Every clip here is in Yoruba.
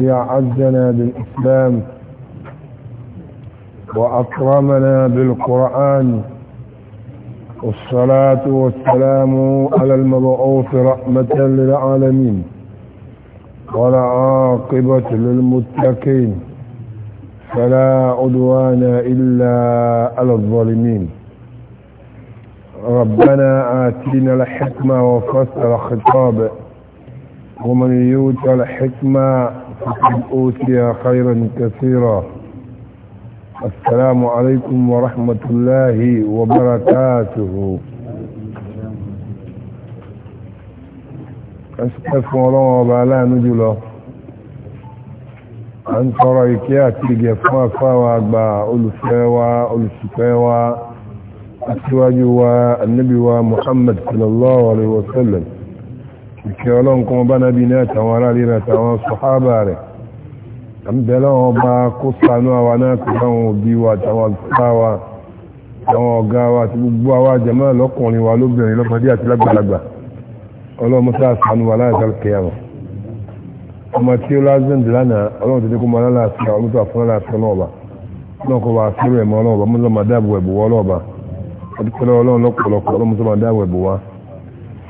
يا أعزنا بالإسلام وأكرمنا بالقرآن والصلاة والسلام على المبعوث رحمة للعالمين عاقبة للمتقين فلا عدوان إلا على الظالمين ربنا آتينا الحكمة وفصل خطابه ومن يوت الحكمة فقد أوتي خيرا كثيرا السلام عليكم ورحمة الله وبركاته أستفى الله وبعلا نجله أن ترى إكياتي جفافا وأقبع ألفاوا ألفاوا أسواجوا النبي ومحمد صلى الله عليه وسلم ìkẹ́ ọlọ́run kan bá nábi ní àtàwọn aráàlú àtàwọn sọ̀hábà rẹ̀ àmbẹ̀lẹ́ wọn bá kó ṣàánú àwa náà kò láwọn òbí wa àtàwọn àgbà wa àwọn ọ̀gá wa àti gbogbo àwa jẹ̀mọ́ lọ́kùnrin wa lóbìnrin lọ́mọdé àti lágbàlagbà ọlọ́run sá ṣàánú wa láì sáré kẹyàmọ̀ ọmọ tí ó lásán dì lánàá ọlọ́run tètè kó mọ aláàfíà ọlọ́run tó àfọ́n aláàfíà náà ọba náà kó wa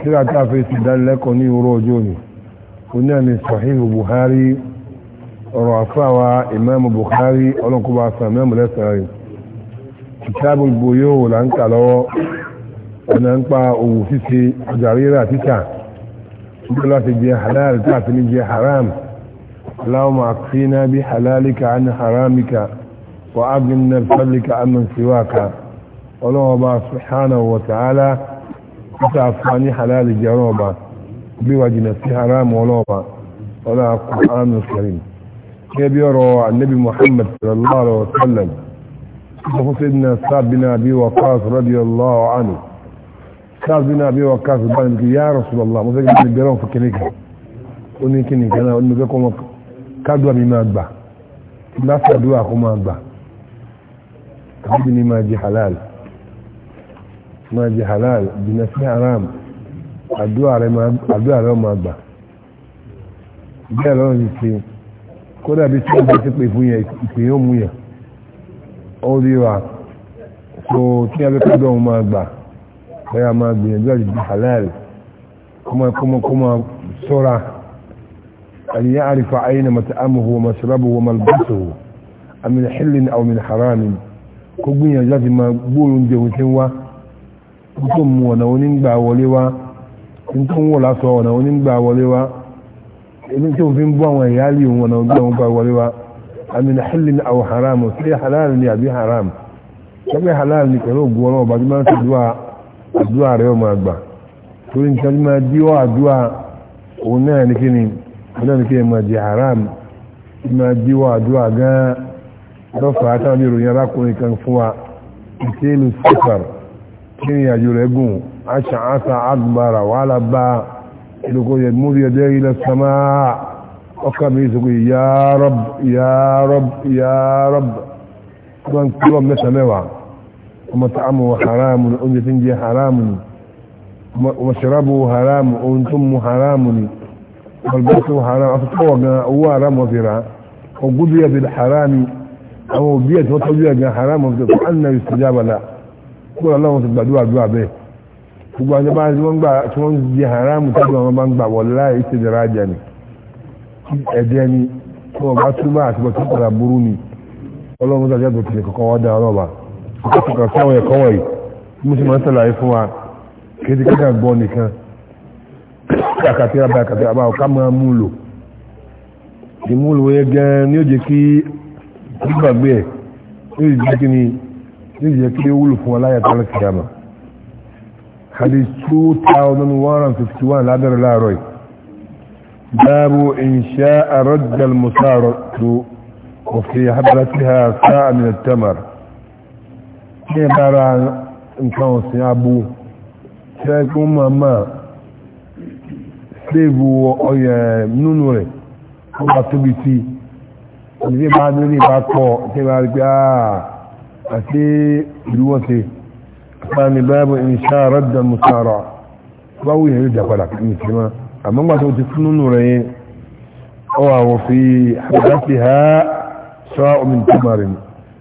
kíra tá a fi ti dánilẹ́kọ̀ọ́ ní òru ọjọ́ ni ó ní àmì sahihu buhari ọ̀rọ̀ àfáwà imam buhari ọlọ́nkọ́ba sàmẹ́mù lẹ́sàárì kìtàbù bòyó là ń kà lọ́wọ́ ọ̀nà ń pa òwò ṣíṣe ọjà rírà títà nígbà láti jẹ halal tá a fi ní jẹ haram اللهم اكفينا بحلالك عن حرامك وأبننا بفضلك عمن سواك ولو الله سبحانه وتعالى níta àfáàní halali jẹ́ ọlọ́ọ̀ba bí wà jìnà sí haram ọlọ́ọ̀ba ọlọ́ àkùnrin karim gẹ́gẹ́ bí ọ̀rọ̀ annabi muhammad sallallahu alaihi wa sallam sọ fún sayyidina sábìnà bí wà káàsù radiyallahu anhu sábìnà bí wà káàsù bá ní ya rasulallah mo sẹ́kẹ́ ní bẹ̀rẹ̀ máa jẹ halal jìnnà sí haram àdúrà rẹ máa gbà bẹ́ẹ̀ lọ́rọ̀ yìí ṣe kódà bí tí wọ́n bá ti pè fún yẹn ìpè yóò mú yẹn ó rí wa so tí wọ́n bá ká dọ̀hún máa gbà bẹ́ẹ̀ máa gbìyànjú àti jẹ halal kọ́mọkọ́mọ sọ́ra أن يعرف أين متأمه ومشربه وملبسه من حل أو من حرام كبني لازم ما بولون جوتين tó mú ọ̀nà onígbà wọlé wá tó ń wọ̀ lásọ ọ̀nà onígbà wọlé wá ebi tí òfin bú àwọn ẹ̀yà lè wọn ọ̀nà onígbà wọn gbà wọlé wá àmì ní hàlì ní àwọn haram sí halal ni àbí haram lọ́pẹ́ halal ni pẹ̀lú ògùn ọlọ́wọ́ bá tí máa ń fi dúà àdúà rẹ̀ ọmọ àgbà torí nǹkan tí máa dí ọ́ àdúà òun náà ní kíni òun náà ní kíni máa di haram tí máa dí ọ́ àdúà gan-an lọ́fà àtàwọn ìròyìn arákùnrin kan fún wa ìkéèlú sífàrù kí ni àjò rẹ̀ gùn aṣa aṣa agbára wàhálà bá ìlúkọ yẹ múrí ẹdẹ ilẹ̀ sama ọkà mi sọ pé ya Rabb ya Rabb ya Rabb wọn kúrò mẹ́ta mẹ́wàá ọmọ tààmù haramu oúnjẹ tí ń jẹ kúrò aláwọn ti gbàdúrà dúrà bẹ́ẹ̀ gbogbo àjọ bá wọn gbà tí wọ́n di haramu tàbí àwọn bá ń gbà wọ̀ láì ṣe dára ajá ni ẹ̀jẹ̀ ni tí wọ́n bá túbọ̀ àti bọ̀ tó padà burú ni ọlọ́run tó àjọ tìlẹ̀ kọ̀ọ̀kan wá dá ọlọ́ba kọ̀ọ̀kan sí àwọn ẹ̀kọ́ wọ̀nyí mo sì máa ń sàlàyé fún wa kéde kíkà gbọ́ nìkan àkàtì àbá àkàtì àbá ọ̀ká máa mú lò ìmúlò yẹ gan ni ó jẹ́ kí gbàgbé ẹ̀ ó sì jẹ́ kí ni níbi yẹ kí ó wúlò fún aláyà tó lọ́kì yàmà hadith 2151 lábẹ́rẹ̀ láàárọ̀ yìí báàbù ìṣẹ́ àrọ́jàl musáàrọ̀ tó òfin àbára tí ha sáà mi tamar ní ìbára nǹkan ọ̀sìn abú ṣẹ́gun mama sílẹ̀bù ọyẹ̀ nínú rẹ̀ ó bá tóbi tí ìdílé bá nílé bá àti ìdúwọ́sẹ̀ pàmì báyàbọ̀ ìṣà rọ́dà mùsàrọ̀ báwo yẹn lè dàpadà ní ìsinmi àmọ́ gbà tó ti fún nínú rẹ̀ yẹn ó wà wọ́n fi àdáṣe ha sọ omi tìmọ̀rì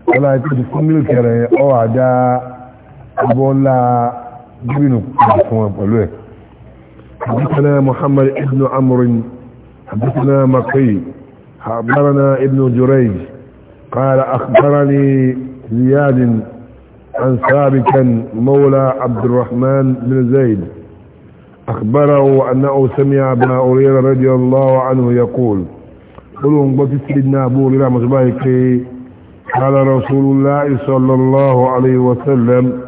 wọ́n láti tó ti fún mílíkì rẹ̀ yẹn ó wà dá abọ́lá gíbìnù fún wọn pẹ̀lú ẹ̀ حدثنا محمد ابن عمرو حدثنا مقي أخبرنا ابن جريج قال أخبرني زياد عن ثابتا مولى عبد الرحمن بن زيد أخبره أنه سمع ابن أورير رضي الله عنه يقول قلهم سيدنا أبو هريرة مصباحك قال رسول الله صلى الله عليه وسلم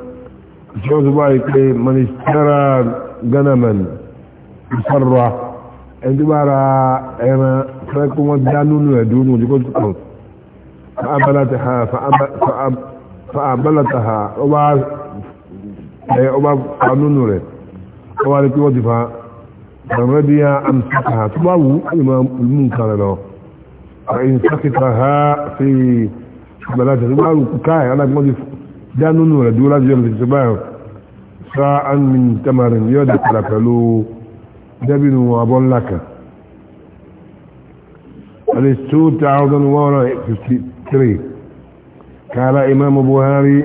مصباحك من اشترى غنما بسرة عندما رأى أنا فاكم ودانون ودون ودون فأبلتها فأب فأبلتها وبعد وبعد قانون له وبعد وظيفة فردي أمسكها تباو الإمام المنكر له فإن سكتها في بلاتها تباو كاي أنا قلت دانون له دولا جل في سباو ساعة من تمر يدك لك له دبن وابن لك الاستوت عوضا وراء في السيد 3 قال إمام بوهاري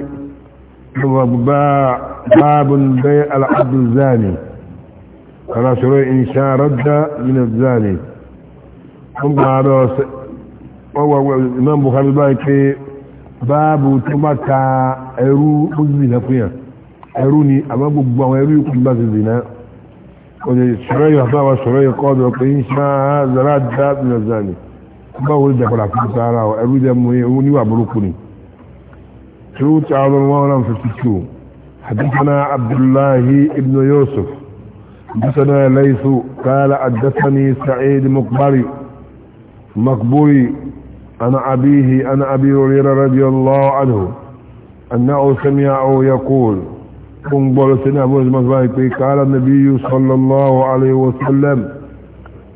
هو باب بيع العبد الزاني قال شروع إن شاء رد من الزاني هم قالوا هو إمام بوهاري بايك باب تمتع ẹrú mọ́sílìnà fún yà ẹrú ni àmọ́ gbogbo àwọn ẹrú ikú bá ti zìnà ọjọ́ ìṣòro yóò fáwọn ṣòro yóò kọ́ ọ̀dọ̀ pé ń ṣáà zara dábìnà zani báwo fún sára ọ ẹrú jẹ mú níwà burúkú ni حدثنا عبد الله بن يوسف حدثنا ليث قال حدثني سعيد مقبري مقبري انا ابيه انا ابي هريره رضي الله عنه انه سمع يقول قال النبي صلى الله عليه وسلم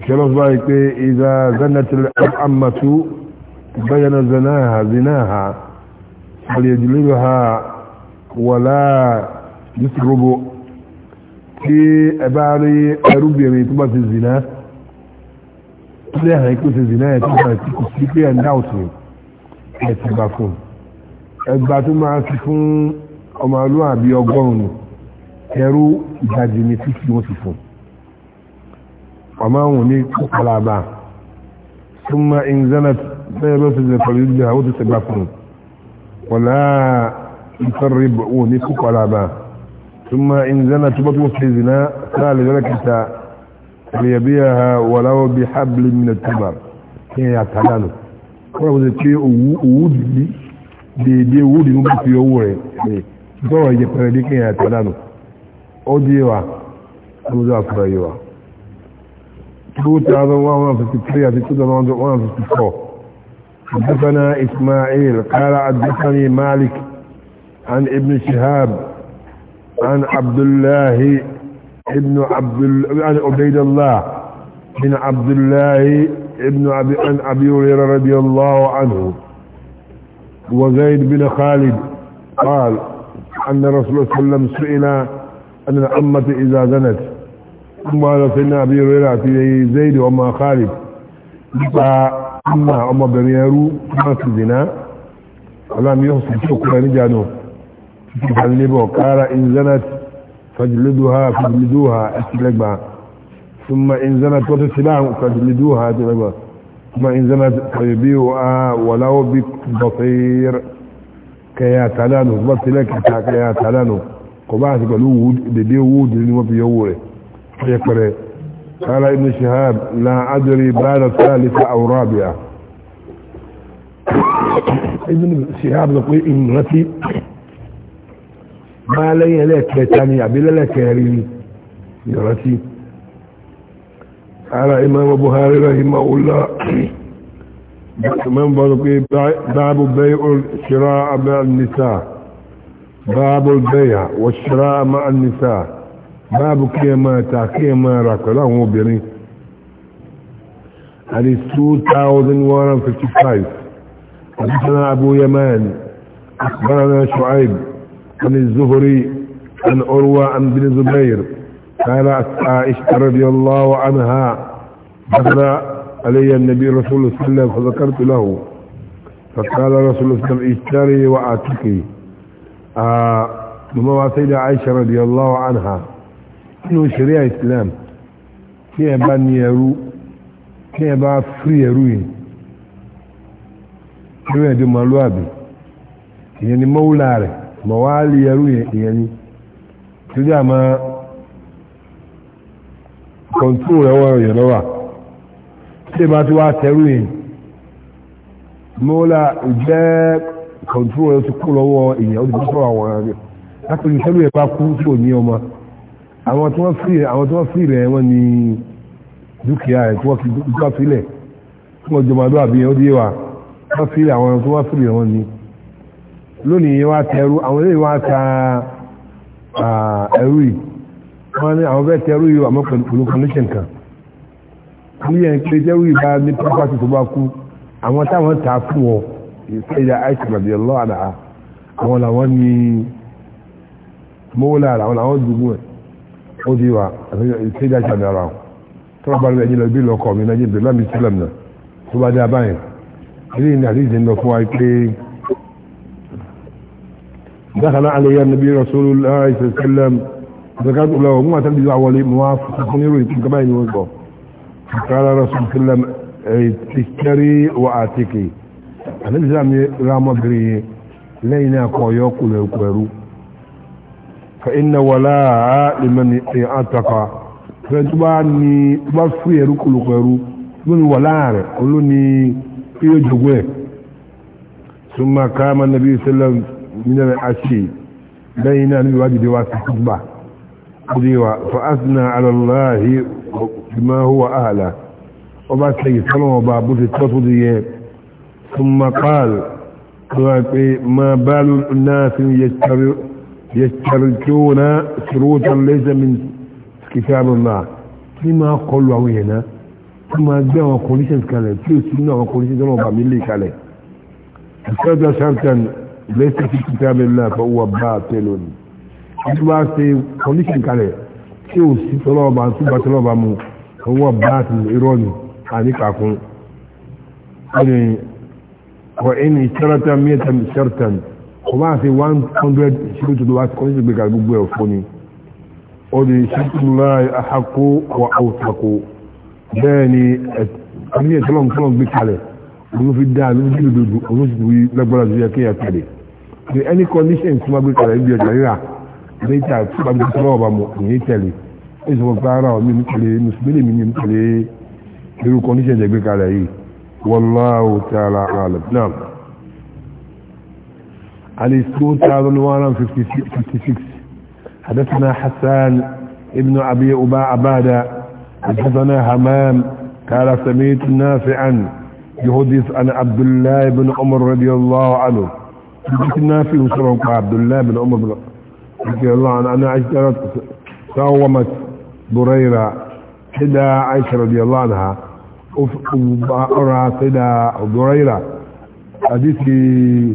كلام ذلك إذا زنت الأمة بين زناها زناها فليجلبها ولا يسرب في أباري أروبيا من تبات الزنا لها يكون الزنا يتبع تكسيكي أن دعوتني يتبع فون ẹgbà tó máa fi fún ọmọlúwàbí ọgọ́rùn-ún ẹrú ìdajì ní fífi wọ́n ti fún un وما وني كلابا ثم إن زنت لا يبس فليدها وتتبافن ولا يقرب وني كلابا ثم إن زنت بطوس في زنا قال ذلك فليبيعها ولو بحبل من التمر هي تعلانه kọ́nà wọ́n ti pé owó dìdí dèédé owó fi owó rẹ̀ rẹ̀ tọ́rọ ìjẹpẹrẹ dé kí ẹ̀yà tọ́lánù ó dí wa ọmọdé àfúrà yíwa حدثنا إسماعيل قال حدثني مالك عن ابن شهاب عن عبد الله ابن عبد عن عبيد الله بن عبد الله ابن أبي عن أبي هريرة رضي الله عنه وزيد بن خالد قال أن رسول الله صلى الله عليه وسلم سئل أن الأمة إذا زنت kuma lọ sí ní àbí rẹ́rẹ́ àti zaidi ọmọ khalid nípa ọmọ ọmọbìnrin ẹrú náà sì dìná ọlọ́mí yóò sì tí ó kúrẹ́ níjà nù títí kan níbọ̀ kára inzanet fajiliduha fajiliduha ẹtìlẹgbà súnmọ́ inzanet tó ti sílá fajiliduha ẹtìlẹgbà súnmọ́ inzanet fajibi wa wàláwọ́ bí bọ̀fẹ́r kẹyà tàdánù bọ́sílẹ̀ pẹ̀lú dèdè wúdù ni wọ́n fi yọ rẹ̀ يقرأ قال ابن شهاب لا أدري بعد الثالثة أو رابعة ابن شهاب يقول إمرتي ما لي لك تاني الله كريم يا يرتي قال إمام أبو هريره رحمه الله من برقي باب بيع الشراء مع النساء باب البيع والشراء مع النساء باب kí ẹ máa راك kí ẹ máa rà pẹ̀lú àwọn obìnrin àti 2155 حدثنا أبو يمان أخبرنا شعيب عن الزهري عن أروى عن بن زبير قال عائشة رضي الله عنها دخل علي النبي رسول الله صلى الله عليه وسلم فذكرت له فقال رسول الله صلى الله عليه وسلم اشتري وأعتقي آه مما سيدة عائشة رضي الله عنها nínú sharia islam tí ẹ bá ní ẹrú tí ẹ bá fírí ẹrú yìí ẹrú ẹ̀dẹ̀ màlúàbí ìyẹn ni mọ́wúlà rẹ̀ mọ̀wálì ẹrú ìyẹn ni torí àmà kọ̀ǹtù rẹ̀ wọ̀ yẹn lọ́wọ́ tí ẹ bá ti wá tẹrú yìí mọ́wúlà jẹ́ kọ̀ǹtù rẹ̀ ti kú lọ́wọ́ ìyẹn ó ti fi sọ̀rọ̀ àwọn ẹ̀rọ lápẹ̀lú sẹ́lú ẹ̀ bá kú tí ò ní ọmọ àwọn tí wọ́n fìrì àwọn tí wọ́n fìrì ẹ̀ wọ́n ní dúkìá ẹ̀ tí wọ́n fi dúkìá sílẹ̀ tí wọ́n jọmọ́ àdúrà bí ó dé wa wọ́n fìrì àwọn tí wọ́n fìrì ẹ̀ wọ́n ní lónìí wọ́n tẹrú àwọn eléyìí wọ́n ta ẹrú yìí wọ́n ní àwọn fẹ́ tẹrú yìí àmọ́ pẹ̀lú condition kan wọ́n yẹn pé tẹrú yìí bá ní property tó bá kú àwọn táwọn ta fún ọ ìfẹ́yà àìsàn ó di wa ìṣèjà ìṣàmì ara wọn tó bá rẹ̀ ẹ̀yìn lọ bí lọ́kọ mi náà jẹ́ lámì sílẹ̀m náà tó bá dé abáyẹn eléyìí ní àdéhìí ń lọ fún wa pé dákàlá àlẹyà nàbí rasúlù láàrín sẹlẹm zakatu lọ mú àtàlẹ bí wàá wọlé mú wa fún irú ìpín kaba ìyẹn wọn gbọ kàrà rasúlù sẹlẹm tìkẹrí wà àtìkì àdéhìí sẹlẹm ra ọmọbìnrin yẹn lẹ́yìn náà kọ ọyọ kùlẹ̀kùẹ̀rú فإن ولاء لمن اعتقى فجباني بفي ركل غيره من ولاء قلني في وجهه ثم قام النبي صلى الله عليه وسلم من العشي بين أن يواجد واسع خطبة فأثنى على الله بما هو أهله وبعد سيد صلى الله عليه وسلم ثم قال ما بال الناس يشترون يسترجون شروطا ليس من كتاب الله لما قلوا وينا ثم جاءوا كونيشنز كالي في سنة وكونيشنز ربع ملي كالي هذا شرطا ليس في كتاب الله فهو باطل إذا سي كونيشن كالي tí ó sì tọ́lọ́ọ̀bá túbà tọ́lọ́ọ̀bá mú owó bá ti irọ́ ni àníkàkún شرطا ọ̀rìn ìṣẹ́rẹ́ta kò máa fi one hundred ṣíkú tó wá kọ́ sí gbẹ̀gà gbogbo ẹ̀ fún ni ó di ṣíkúnlá àhàkó wà àwòtàkó bẹ́ẹ̀ ni àti ẹ̀tọ́lọ́n tọ́lọ́n gbé kalẹ̀ ló fi dáa ló fi dòdò ló sì fi lágbára sí ẹkẹ́ yà kalẹ̀ ní any condition tí wọ́n gbé kalẹ̀ ibi ọjà rírà létà tí wọ́n gbé tọ́lọ́ ọba mọ̀ ní tẹ̀lé ó sì fọ́ pé ara mi ní tẹ̀lé mùsùlùmí mi ní tẹ̀lé irú condition tẹ̀ gbé kalẹ̀ yìí wallahu ta'ala alam náà عليه 56 حدثنا حسان ابن أبي أبا عبادة حدثنا همام قال سميت نافعا يحدث عن عبد الله بن عمر رضي الله عنه حدث نافع قال عبد الله بن عمر رضي الله عنه أنا عشرت ساومت بريرة سيدة عائشة رضي الله عنها أرى سيدة بريرة حديثي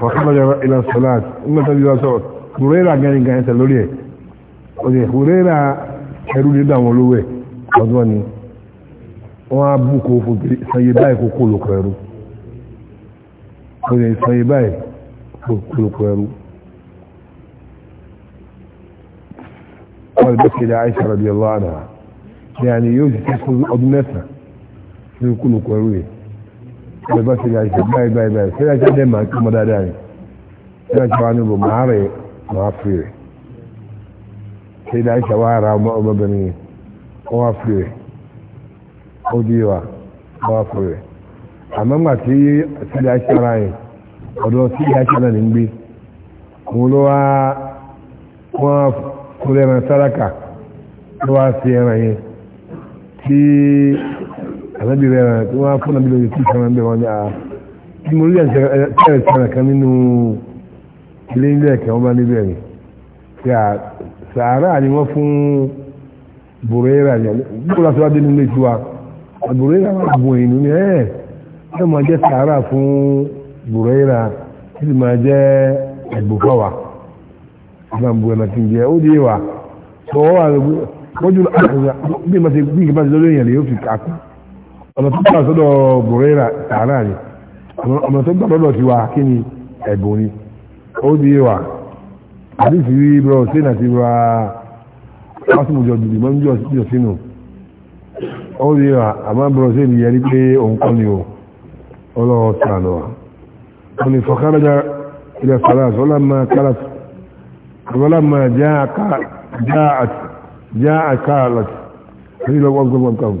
فخرج إلى الصلاة ثم تجد إلى الصلاة هريرة قال إن كانت اللولية وذي هريرة حلول يدا ولوه وضواني وابوكو سيباي كوكولو كويرو وذي سيباي كوكولو كويرو قال بك إلى عائشة رضي الله عنها يعني يوسف يدخل أدنتها في كل كويروه ẹ bá ṣe àìsàn báyìí báyìí báyìí ṣé àìsàn dẹ́ máa kí ọmọ dáadáa rẹ̀ ṣé àìsàn wa ní bò máa rẹ̀ máa fi rẹ̀ ṣé àìsàn wa ara ọmọbìnrin yìí wọ́n wá fi rẹ̀ ó di wa wọ́n wá fi rẹ̀ àmọ́ mà tí ṣé àìsàn ara yìí ọ̀dọ̀ ṣé àìsàn náà ní gbé òun ló wá wọ́n àbẹ́bí rẹ̀ tí wọ́n fún àbí lórí tí ìṣẹ́wọ̀n bẹ̀rẹ̀ wọn ni a tí mo rí ẹ̀ṣẹ̀rẹ̀ sẹ́rẹ̀ kan nínú ilé ilé ẹ̀kẹ́ wọn bá níbẹ̀ rẹ̀ tí a sàárà ni wọ́n fún bùrẹ́rà ni bó lásán wá dé nínú ètò wa bùrẹ́rà wà bùn ìlú ni ẹ̀ ẹ̀ máa jẹ́ sàárà fún bùrẹ́rà tí sì máa jẹ́ ẹ̀gbùfọ́ wa ìgbà bu ẹ̀mà tí ń jẹ́ ó dé wa sọ wọ́n wà lójú bí ìgbà tí lórí èèyàn lè yóò fi kàkùn ọ̀nà tó gbà sọ́dọ̀ bùrẹ́rà tààrà ni ọ̀nà tó gbà lọ́dọ̀ tiwa kí ni ẹ̀bùn ni ó di wà àdìsí rí bro sínú àti ra pásítọ̀ jọ dìdì mọ́ níjọ́ síjọ sínú ó di wà àmọ́ bro sínú yẹ rí pé òun kọ́ ni o ọlọ́wọ́ sànù wa wọ́n ni fọ́kànlá ilẹ̀ sàlás ọlọ́mà kálàt ọlọ́mà jáà kálàt jáà kálàt ní lọ́wọ́ gbọ́gbọ́n kàwọn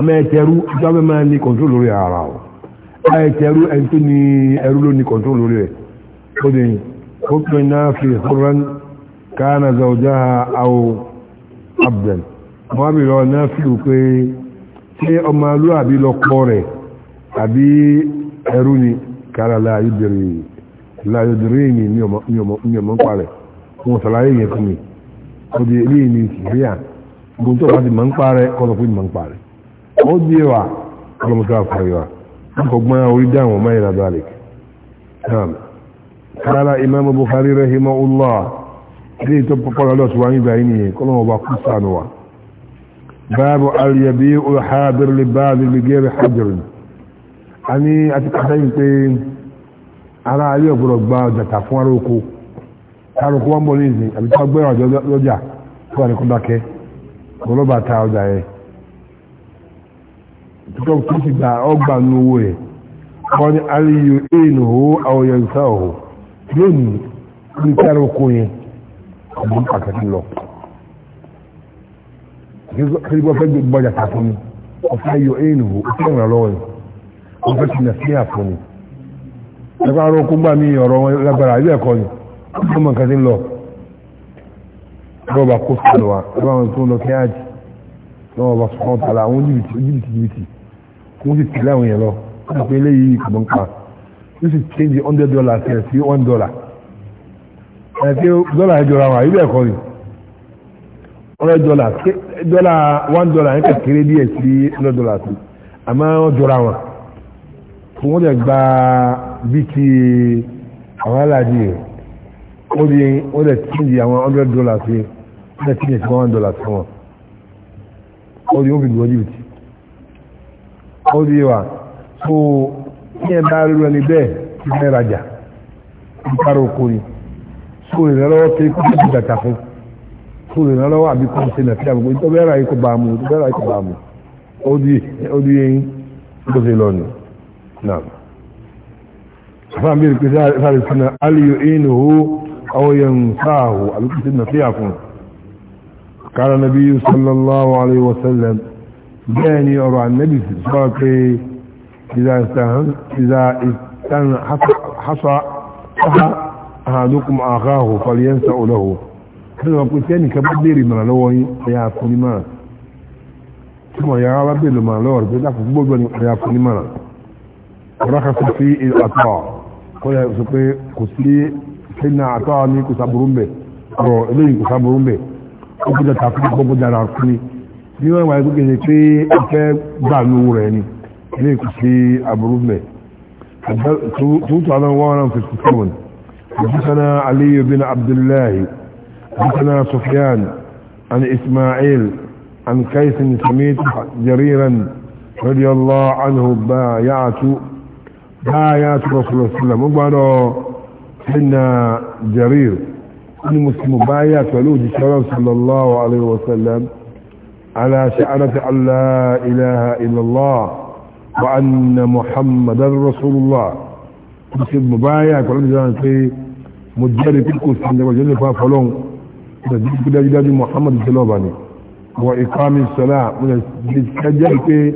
àmọ́ ẹ̀tẹ̀rú ìjọba máa ní control lórí ara ọ̀ ẹ̀tẹ̀rú ẹni tó ní ẹrú ló ní control lórí rẹ̀ ó dé yìí ó pè náà fi hóran káàna zaujá àwọ abdel mọ́bí lọ náà fi rò pé ṣé ọmọ alúàbí lọ kọ́ rẹ̀ àbí ẹrú ni kára láàyèdèrè láàyèdèrè ni ní ọmọ ń parẹ̀ wọn sàlàyé yẹn fún mi ó dé ilé ìní ìsìnkú gbogbo tó bá ti máa ń parẹ́ kọ́ lọ fún ìmọ̀ ń parẹ́ ó di wa ọlọ́mọsá àfàríwá ọgbọ́n orí dáhùn ọmọ ìlà dalek naam kára imam bukhari rahima ullah ilé ìtọ́ pọpọlọ lọ síwáyé ìgbà yìí nìyẹn kọ́lọ́ ọba kú wa báàbù alìyàbí olùhábìrì lè lè a ní àti kàtàyìn pé ara ayé ọ̀gbọ̀rọ̀ gba fún ara oko wọn bọ̀ ní ìsìn gbẹ́rọ̀ lọ́jà ta ọjà yẹn tó kí sì gba ọgbà ní owó ẹ̀ wọ́n ní aliyu ẹ̀yìnà owó àwòyẹ ìsá ọ̀họ̀ lónìí ní kí ara oko yẹn ọmọ pàtàkì lọ kí wọ́n fẹ́ gbé gbọ́jà tà fún mi ọ̀fẹ́ ayọ̀ ẹ̀yìnà owó ó fẹ́ràn lọ́wọ́ ni wọ́n fẹ́ ti nà sí àfún mi ẹgbẹ́ ara oko gbà mí ọ̀rọ̀ wọn lágbára ilé ẹ̀kọ́ ni ọmọ nǹkan ti lọ rọ́bà kó sọ̀rọ̀ wa ẹgbẹ́ àwọn tó lọ kí á jì lọ́wọ́ bá sọ̀rọ̀ tààlà àwọn jìbìtì jìbìtì kò sì tẹ̀lé àwọn yẹn lọ kó mọ̀ pé eléyìí kò mọ̀ nípa ó sì change hundred dollars ẹ̀ sí one dollar ẹ̀ pé dọ́là ẹ̀ jọra wọn àyè bẹ́ẹ̀ kọ́ ni hundred dollar dọ́là one dollar ẹ̀ kẹ̀kẹ́rẹ́ díẹ̀ sí hundred dollars àmọ́ wọ́n jọra wọn fún wọn lè gba bíi ti àwọn aláàjì rẹ̀ ó di ó lè change àwọn hundred dollars yẹn ó lè change sí one dollar sí wọn ó di ó fi lù ọ́ jìbìtì. ó di wa so ní ẹ̀ bá rírọ ní bẹ́ẹ̀ ti fẹ́ rajà ìparọ̀ oko ni so ìrànlọ́wọ́ tó ikú tó ti dàtà fún so ìrànlọ́wọ́ àbí kò ṣe nà sí àbúkọ tó bẹ́ẹ̀ ra ikú bá mu tó bá ó ó lọ ni aliyu àwọn yẹn ń sáàhù àbí nà sí àfún kára nàbí sallallahu alayhi wa sallam bẹ́ẹ̀ ni ọ̀rọ̀ ànẹ́bì sọ pé ìzà ìsàn hasa sáà àhàdókùn àkáhù fàlíyẹ́nsà olóhù tí wọ́n pín sẹ́nì kan bá bèèrè mọ̀ràn lọ́wọ́ yí ẹ̀yà fúnni mọ̀ràn tí wọ́n yára bá bèèrè mọ̀ràn lọ́wọ́ rẹ̀ dákùn gbogbo ni ẹ̀yà fúnni mọ̀ràn ọ̀rọ̀kà sọ sí àtọ́ kọ́ yà sọ pé kò sí sínú àtọ́ ní kò sáburú ọ̀rọ̀ eléyìí kò sáburú mbẹ̀ ó kọjá tàfíì gbogbo dára fúnni bí wọ́n wà ní kéde pé ìfẹ́ gbà lówó rẹ̀ ni ilé kò sí àbúrú mẹ́ tuntun àwọn wọn náà fi sùkúrùn àbúkánná aliyu bin abdullahi àbúkánná sufyan an ismail an kaisin samit jariran radiyallahu anhu ba yaatu ba yaatu rasulullah sallam gbado sinna jarir ni muslimu ba yaatu alu jisara sallallahu alaihi wasallam على شعرة أن لا إله إلا الله وأن محمد رسول الله مسجد مبايع كل جلال في مجرد تلكو سنة وجل فافلون تجد كده جلال محمد سلوباني وإقام الصلاة مجرد في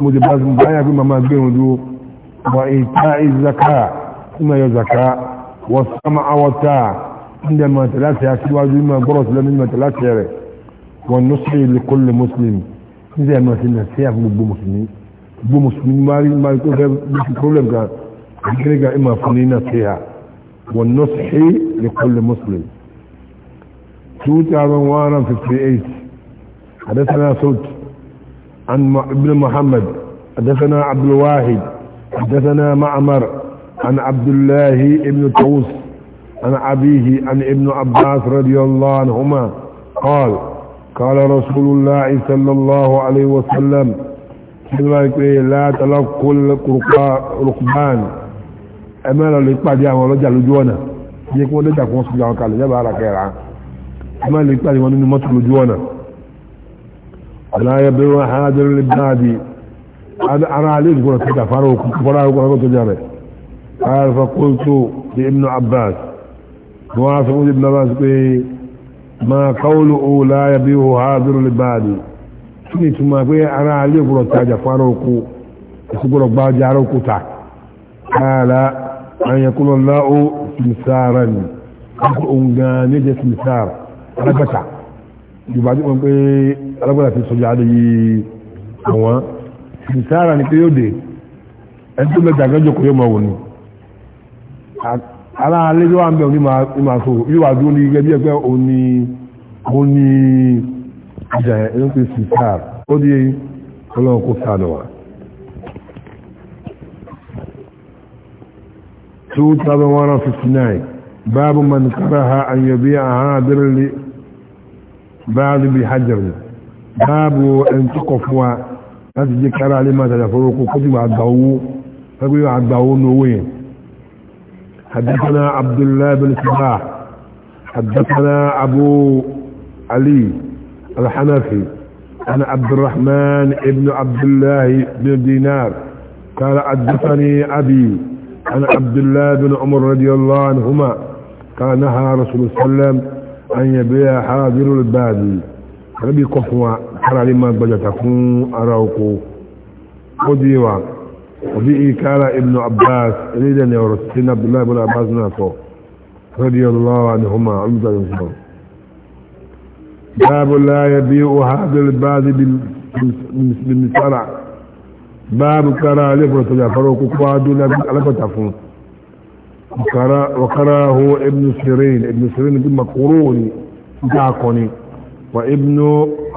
مجرد مبايع في ممازين ودو وإيتاء الزكاة ثم يزكاة والسمع والتاء عندما ثلاثة يا سواجه ما برس لما ثلاثة يا والنصح لكل مسلم زي ما سنة سياف gbogbo mùsùlùmí بو mùsùlùmí ما ما يكون fẹ́ bí problem ga gírígà ima fún ní na síyà 2158 حدثنا صوت عن ابن محمد حدثنا عبد الواحد حدثنا معمر عن عبد الله ابن طوس عن أبيه عن ابن عباس رضي الله عنهما قال قال رسول الله صلى الله عليه وسلم لا تلقوا الركبان أما لو يقعد ولجع لجوانا يكون لجع كون سبحانه وتعالى يبقى على كيرا أما لو يقعد ونن مطر لجوانا لا يبقى حاضر لبنادي أنا عليك قلت تفاروا كفراه قلت تجاري قال فقلت لابن عباس وعاصم ابن عباس ma qawluhu la yabi'u hadiru libadi kí ni túmọ̀ pé ara alẹ́ ògbúrọ̀ tajà fara oko ìsúgbúrọ̀ gbájá ara oko ta káàlá àyẹ̀kúnlọ láó tìmsára ni ọkọ̀ òǹgà ní jẹ́ tìmsára alágbàtà yorùbá tí wọ́n pé alágbàtà ti sọjà adé yìí àwọn tìmsára ni pé yóò dé ẹni tó lọ jàgájọ kò yóò mọ̀ wò ni ara alẹ́ ló wà ń bẹ̀ ní máa so yóò wà dúró ní gẹ́gẹ́ bí ẹgbẹ́ òní òní ìjà ẹ̀rọ pé sì ó di ọlọ́run kó sáà lọ wà. 2159 باب من كره أن يبيع عابر بعد بحجر باب أن تقفوا láti jẹ́ kára lè máa tàjà fọ́rọ́kú kó tí wà àgbàwó fẹ́gbé àgbàwó ní owó yẹn حدثنا عبد الله بن صباح حدثنا أبو علي الحنفي عن عبد الرحمن بن عبد الله بن دينار قال حدثني أبي عن عبد الله بن عمر رضي الله عنهما قال نهى رسول الله صلى الله عليه وسلم أن يبيع حاضر البادي ربي كفوا حرى لما بجتكم أراوكو وديوان وفي قال ابن عباس إليه أن يورسلنا عبد الله بن عباس ناسو رضي الله عنهما المتعلم باب لا يبيع هذا الباب بالمسارع باب كرا لفرة جعفروك قوادنا لفتا فون وكراه ابن سيرين ابن سيرين بن مقرون داقني وابن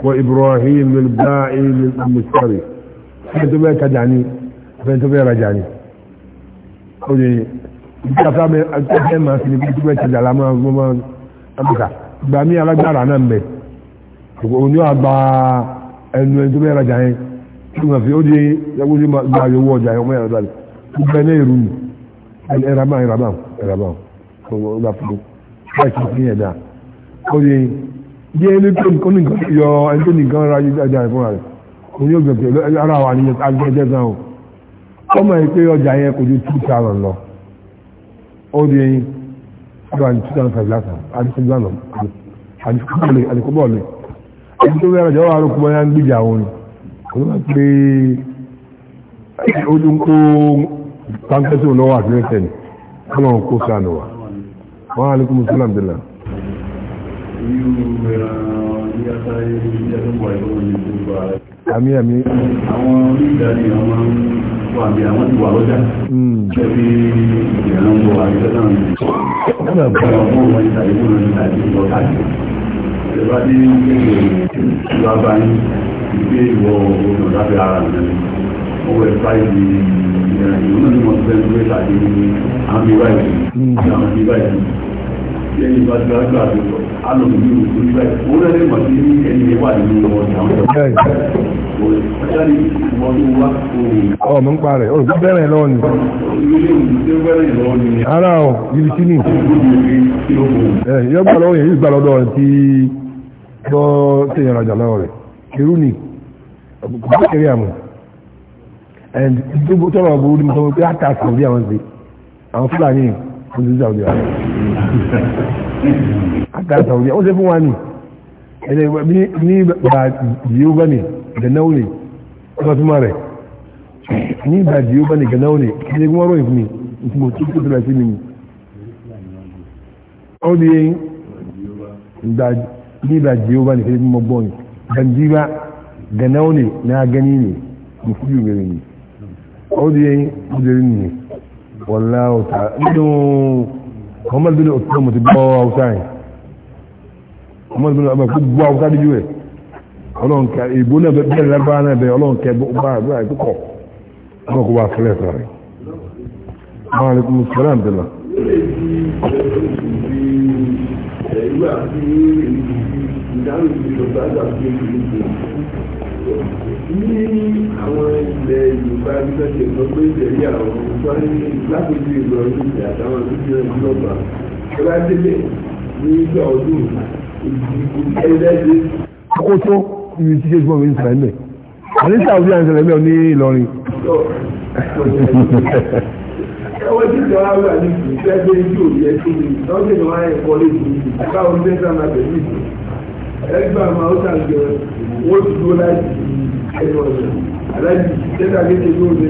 وابراهيم للبائي للمساري هذا ما تدعني fẹ́ tó bẹ́ẹ̀ rajà ni ó lè ìjọba ẹgbẹ́ máa fi ní bí tó bẹ́ẹ̀ tajà lámọ́ ọmọ amẹ́ka gba mí alágbára náà mbẹ òní wà gba ẹnu ẹni tó bẹ́ẹ̀ rajà yẹn tó máa fi ó di ẹgbẹ́ tó gba yòówó ọjà yẹn ọmọ yàrá rẹ̀ tó bẹ́ẹ̀ ní ìrù mi ẹ̀rọ máa ẹ̀rọ máa ẹ̀rọ máa ó gbà fún mi láti fi yẹn dáa ó lè bí ẹni tó nìkan yọ ẹni tó nìkan ra ọjà yẹn fúnra rẹ̀ ọmọ yìí pé ọjà yẹn kò ju two thousand lọ ó di ẹyin two thousand two thousand five lásán adikúgbà nà adikúbọ̀lì adikúbọ̀lì adikúbọ̀lì ọjà wà lóko bọ́yá ń gbìjà wọn kò ní wọ́n pé ojú ń kó pankẹ́tì olówó àti rẹ́sẹ̀ni kọ́nà ń kó sànù wa wọ́n á lóko mùsùlùmí àbẹ̀là. Àmì àmì. Àwọn onídàájú àwọn wà bí àwọn ti wà lọ́jà ẹbí hmm. ìrìnà ń bọ̀ àríṣẹ́ náà ní ọ̀pọ̀ ọ̀pọ̀ wọn ìtàgé fún ọ̀nà ìtàgé lọ káàkiri ìjọba dé ìlú abáyé ìgbé ìwọ oòrùn lábẹ́ ara rẹ̀ ọwọ́ ẹ̀fà ìlú ìrìnàjò náà ni wọ́n ti fẹ́ẹ́ gbé tàbí àmì báyìí àwọn hmm. àmì báyìí lẹ́yìn bá gbá gbà tó alòmí òkú báyìí ó lẹ́lẹ́mọ̀ sí ọmọ ń parẹ̀ olùkọ́ bẹ̀rẹ̀ lọ́wọ́ ni ara ọ̀ yìí sí ní yọ́gbà lọ́wọ́ yẹn yìí gbà lọ́dọ̀ tí tọ́ tẹ̀yàn rajà lọ́wọ́ rẹ̀ irú ni kò kéré àmọ́ and tó tọ́rọ̀ burú ni mo sọ pé àtà sàwọ́dí àwọn ṣe àwọn fúlàní kò sí sàwọ́dí àwọn àtà sàwọ́dí àwọn ṣe fún wa ni ina ni ba biyu ba ne da naune ba su mara ni ba biyu ba ne ga naune ne kuma roi ne kuma cikin tura shi ne odiye ba ni ba biyu ba ne kai kuma bon ban ji ba ga naune na gani ne mu kuju gari ne odiye odiye ne wallahu ta'ala ido Muhammad bin Uthman mutubawa Hausa ne ọmọdé bí wọn gbọ́ àwọn káàdì yìí rẹ̀ ọlọ́run kẹ ìbò náà bẹ bẹ́ẹ̀ lábá náà bẹ ọlọ́run kẹ bá àdúrà ẹ̀ kọ̀ ọlọ́run kò wá sílẹ̀ sáré. àwọn àlekún sọ́lá ń bẹ̀rẹ̀. ní àwọn ilẹ̀ yorùbá ní ìgbà ọdún kókó tó ibi tí jésù mọ̀mí ń sọ̀rọ̀ ẹ̀mẹ̀ àní sàwùdí àwọn ìṣẹ̀lẹ̀ ẹ̀mẹ̀ ní Ìlọrin. ọwọ́ tí ìjọba wà ní ìfẹ́ gbé ní òbí ẹ̀ tó ní lọ́sẹ̀ ni wọ́n á ẹ̀kọ́ lé ní ìgbà wọn bẹ́ẹ̀ sá máa bẹ̀rẹ̀ nìkan ẹgbẹ́ àwọn haúsá jẹ wọ́n ti dúró láti ẹ̀rọ ọ̀sẹ̀ aláìsí tẹ́tà kékeré ó lé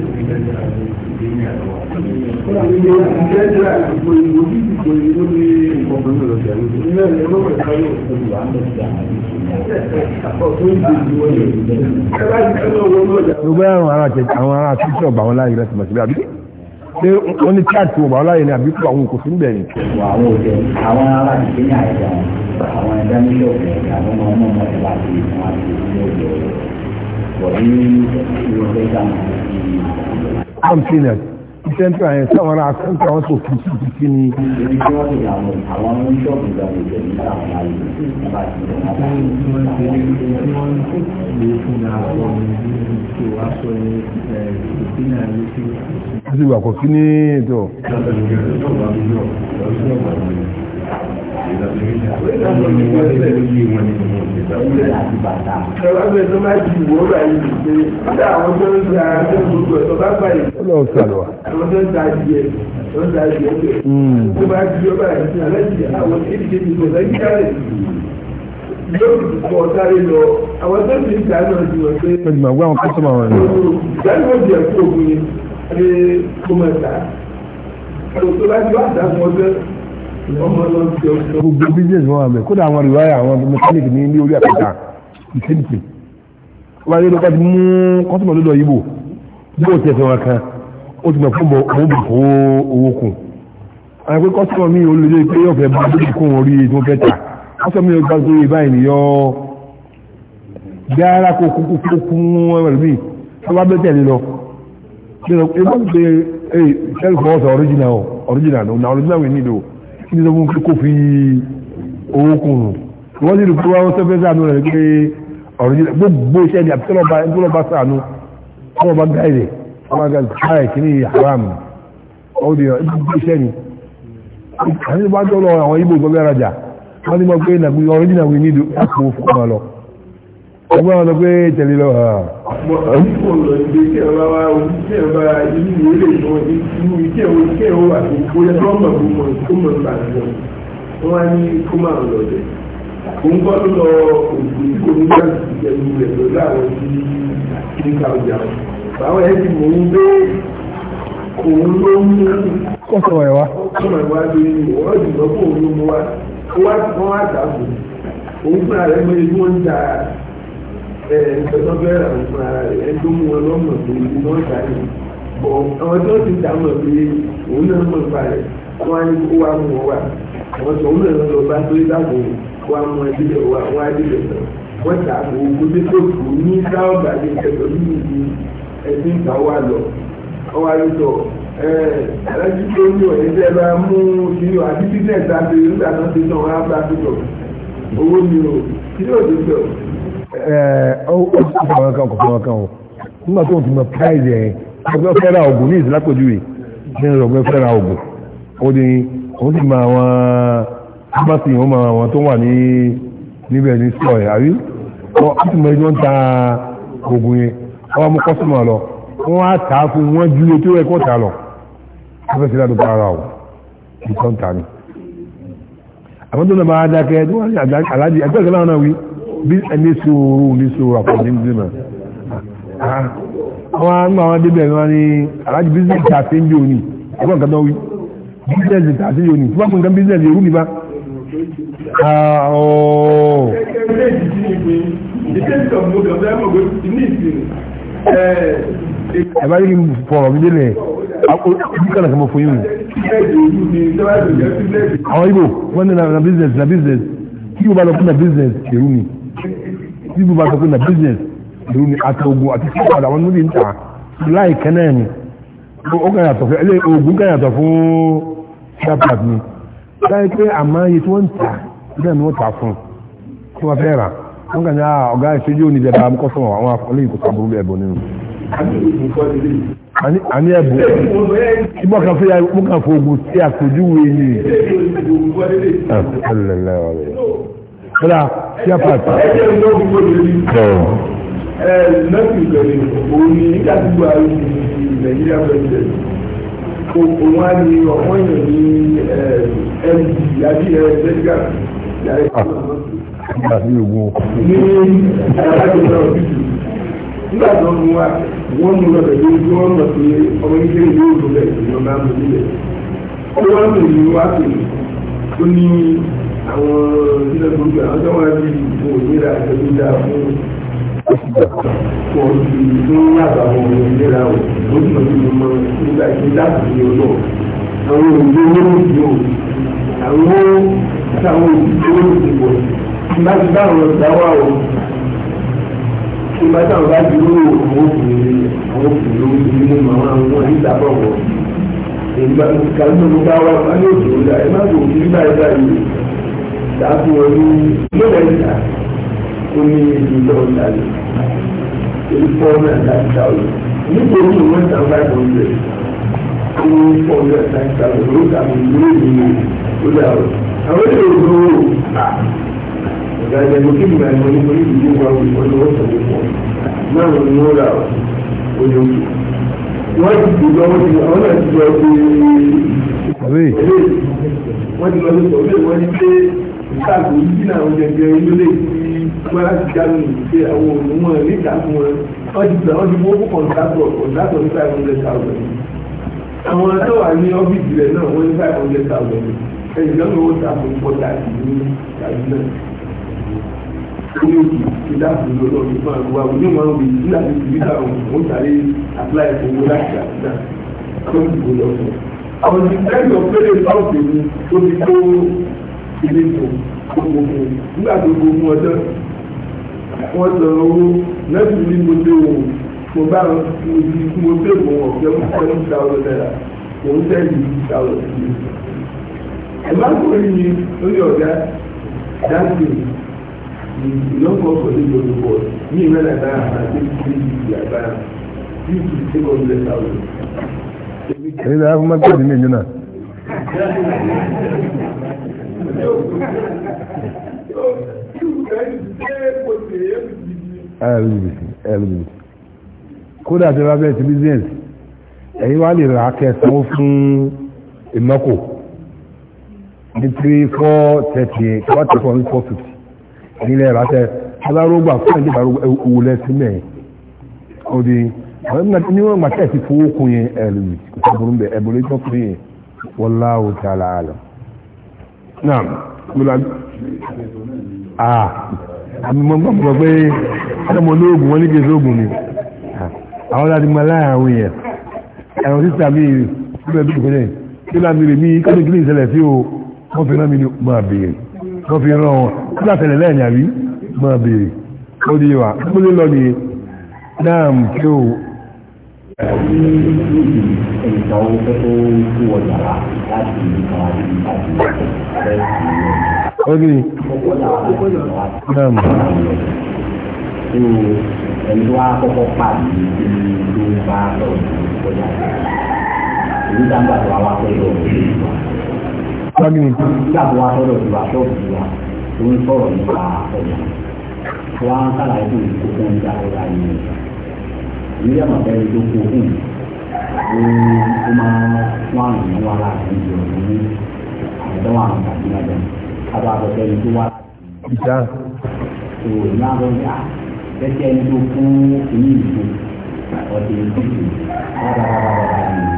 gbogbo àwọn ará tẹ̀sí àwọn ará tẹ̀sí ọ̀bà wọn láàyè láti màṣẹ́ bí àbí pé wọ́n ní chat ọ̀bà wọn láàyè ní àbí pé àwọn kò sí ń bẹ̀rẹ̀. àwọn òjò àwọn ará tẹ̀sí ní àìsàn àwọn ẹ̀dá nílò ọ̀gbẹ̀rẹ̀ àwọn ọmọ ọmọ ọmọ ẹ̀ láti ìwọ̀n àti ìwọ̀n ọ̀gbẹ̀rẹ̀ wọ̀ ní ìwọ̀n palm peanut iṣẹ́ ń tẹ́ àyẹ̀ sáwọn ará àkáǹtì àwọn tó kù sí ìdíkí ni. Ìjọba kò kí ní ètò. Ọlọ́run sàlùwà. Àwọn tó ń ta adìyẹ, tó ń ta adìyẹ bẹ̀rẹ̀. Tó bá di ọba àti lọ, àwọn tó ń fi ìta náà ti wọ̀ pé. Pẹ̀lú àwọn àwọn kọ́sọ́mà wọn. Ìdájọ́ ìjẹ́ fún òkú ni, ẹ kó máa ta. ti wá àdá fún gbogbo business wọn àmì kódà àwọn rìwáyà àwọn mechanic ní ilé orí àtàkà ìsèǹtì wọn ayé lọ́pàá ti mú kọ́sùmọ̀ lọ́dọ̀ yìí bò bó tiẹ̀ fẹ́ wọn kan ó ti mọ̀ fún bọ̀ òun bò fún owó kù àwọn ẹgbẹ́ kọ́sùmọ̀ mi ò lè pé yóò fẹ́ bá bíbí kún orí tí wọ́n fẹ́ tà kọ́sùmọ̀ mi ò gbà pé báyìí nìyọ́ gbára kó kúkú kó kún ẹlòmíì tó bá bẹ́tẹ̀ lọ ṣe é mọ̀ pé ṣẹ́lifọ̀ ọ̀sán original original na original we need o ní sọ fún kí kò fi owó kùn nù wọ́n sì rí pé wọ́n sọ fẹ́ sànú rẹ̀ pé ọ̀rọ̀ yìí gbogbo iṣẹ́ ni àti tọ́lọ́ba tọ́lọ́ba sànú tọ́lọ́ba gáìdẹ̀ ọba gáìdẹ̀ káyẹ̀ kí ni haram ọdún yọ gbogbo iṣẹ́ ni àti wọ́n jọ lọ àwọn ibo ìgbọ́gbẹ́ rajà wọ́n ti mọ̀ pé ọ̀rọ̀ yìí nàgbé ní ìdó ọgbọ́n ọ̀nà pé tẹ̀lé lọ ha. wọ́n ní kó máa lọ bẹ̀ òun kọ́ ló lọ òkú tí kò ní bá ti jẹ̀lú rẹ̀ pẹ̀lú àwọn tí ní ká ọjà àwọn ẹ̀ ti mọ̀ ń gbé òun ló ń mú kọ́sọ̀rọ̀ ẹ̀ wá kọ́sọ̀rọ̀ ẹ̀ wá lórí ìwọ́n ìdùnnà fún òun ló mú wá wọ́n á dàbò òun fúnra rẹ̀ mọ́ ibi wọ́n ń da ìtọ́jọ́ àwọn tí wọ́n ti dá mọ̀ pé òun náà mọ̀ nípa rẹ̀ wọ́n á kó wá mú wá àwọn tó ń lọ lọ bá torí dáàbò wá mú ẹbí rẹ̀ wá wá dé rẹ̀ sọ wọ́n ta òògùn tó tó kù ní sáwọ́gbà ní ẹ̀sọ́ nínú ìlú ẹ̀sìn ìgbà wà lọ ọwọ́ àlùtọ̀ ẹ̀ẹ́dájú tó ní ọ̀yẹ́dẹ́ bá mú kí àti bísẹ̀ ta ti nígbà náà ti tàn wá bá tó tọ̀ owó mi ò kí ló dé tọ̀ ọ̀pọ̀lọpọ̀ kan kọ̀ọ̀kan kan o nígbà tó ń fi mọ price ẹ̀ ọgbẹ́ fẹ́ ra oògùn ní ìsìlá pẹ̀lú rẹ̀ ní ọgbẹ́ fẹ́ ra oògùn ó ní òun sì máa wọn pharmacy wọn máa wọn tó wà ní níbẹ̀ ní sọ ẹ̀ àrí wọn á sì mọ ẹni wọn ta oògùn yẹn wọn mú o ìtàn tà ni àmọ́ tó náà máa dákẹ́ bí ẹni sòrò ní sòrò àpọ̀jù nígbìmọ̀ àwọn àmọ́ àwọn débẹ̀ wọn ni aláàjì bísíǹsì tààtì ń yóò ní ọgbọ́n nǹkan náà wí bísíǹsì tààtì yóò ní tí wọ́n fún nǹkan bísíǹsì yóò ní bá. ẹ bá yí fọ̀rọ̀ mi délẹ̀ ibi kan kan mọ̀ fún yín. àwọn ibo wọ́n ní na business na business kí o bá lọ fún na business èrú ni tí bí bá sọ pé na business ìlú ni àti ogun àti fún padà wọn níbi ń tà láì kẹ́nẹ́ ni ó kàn yàtọ̀ fún ẹlẹ́ ogun kàn yàtọ̀ fún shapat ni láì pé àmọ́ iye tí wọ́n ń tà bẹ́ẹ̀ ni wọ́n tà fún tí wọ́n fẹ́ rà wọ́n kàn ní ah, ọ̀gá ìṣẹ́jú òní ìjẹba amúkọ́sọ̀rọ̀ àwọn akọ́lé ìkọ̀tà burú bẹ́ẹ̀ bọ̀ nínú àní ẹ̀bù ìgbọ́ kan fún yàrá mú kan fún ogun tí àpèjúwe ni kíra shepherd. ẹ̀jẹ̀ ló ń gbogbo lórí. ẹ lọ́sì ìbẹ̀rẹ̀ òun ni kátìgbà nàìjíríà president òun á ní ọ̀pọ̀ èèyàn ní md àbí ẹ̀ẹ́dẹ́gà nígbà tí ogun ọkọ̀. ní alágbèbá òbítù nígbà tó ń wá wọ́n mú lọ́dọ̀ yìí wọ́n mọ̀ pé ọmọ ilé ìlú òdòdó ẹ̀ ló máa àwọn ìdílé ní ìbò ìlera ìjọba fún wọn ti tó yàgbà wọn ní ìlera o ó sì lọ sí ọmọ nígbà tí láti ní ọjọ́ àwọn òyìnbó ló ń yọ àwọn àtàwọn òyìnbó ló ń yọ nígbà tí báwọn ọ̀gá wà o nígbà táwọn bá ti lóyún àwọn òkùnrin àwọn òkùnrin tàbí orí lóòrè ìta ó ní ìjọ ìta lè ní four hundred and nine thousand nítorí one thousand five hundred ó ní four hundred and nine thousand ló tàbí ìlú ìlú ó dàrú àwọn èdè òdo à ìdájọ́ ẹni kí nìgbà ìmọ̀ nípa ìdílé wa wò wọ́n ni wọ́n sọ fún wọn náà wọ́n ni wọ́n rà ó ní ojú wọ́n ti ti lọ́wọ́ ti àwọn náà ti lọ sí ilé wọ́n ti lọ sí sọ̀rọ̀ wọ́n ti pé ìtàkùn yìí náà wọ́n jẹjẹ inú lè fi gbára ti dá lónìí ṣe àwọn onímọ̀ ní ìtàkùn wọn wọ́n ti gbà wọ́n ti wọ́pọ̀ kọ̀ǹtàtọ̀ kọ̀ǹtàtọ̀ ní five hundred thousand. àwọn tó wà ní ọ́fíìsì rẹ̀ náà wọ́n ní five hundred thousand ẹ̀yìn lọ́nà owó tààkùn pọ̀tà ìlú tàbí náà. ní òkè ìdáàbò lọ́dọ̀ ní fún àgbà wọn ní wọn wí nígbà tí ti bíkà wọn sáré apply owó láti àtúnà kọ́ńtì àwọn ti ilé ìtò gbogbo nígbà tó gbogbo ọjọ́ wọ́n sọ owó lẹ́sù ní mo dé o mo bá wọn mo ti mo dé mo ọ̀fẹ́ mo fẹ́ ní thousand naira mo ń tẹ̀lé thousand naira. ẹ má kó rí mi lórí ọ̀gá dáńtì ìlọ́pọ̀ ọ̀pọ̀ ní gbogbo bọ̀ ní ìwé nàìjíríà àti ìdílé ìdílé àgbáyà bí ìdílé tí kò ń lé thousand. èyí ni a fún mọ́tò ní ìyẹn náà. kódà tí wọ́n bẹ̀rẹ̀ sí business ẹ̀yin wá lè rà kẹsàn-án fún ìmọ́kò ní three four thirty four thirty four four fifty náà múlá àà àmọ́gbọ́n pé ọmọ olóògùn wọn ní kí olóògùn ni àwọn láti mọ láàrin yẹn ẹ̀rọ sísà mi ìbẹ̀rẹ̀ tó kọjá yìí kí láti rè mí kọ́ni kí ní ìṣẹ̀lẹ̀ sí o wọ́n fi rán mi máa béèrè wọ́n fi rán wọn kí láti rẹ̀ lẹ́yìn àbí máa béèrè ó di wa ó lọ nìyẹn náà kí o ní lóde ní ẹni tó wá kọ́kọ́ pàdé ní ló bá ọ̀dọ̀ ọjà rẹ̀ èyí tó wá wá tó wá sọ́dọ̀ ọ̀dọ̀ àti ọ̀dọ̀ nípa ọjà tó wá ń sàlàyé tó ń dá ọjà yìí ìrírí àwọn abẹ́rẹ́ tó kó fún un ó máa wá àrùn wá láàrin ìjọ ní àdánwò àrùn tàbí ẹ̀dẹ̀ àbá abẹ́rẹ́ ẹni wá ìjà tó ní abẹ́rẹ́ à tẹ́tí ẹni tó fún inú ìlú ọ̀dẹ̀ ìdíje rárára ní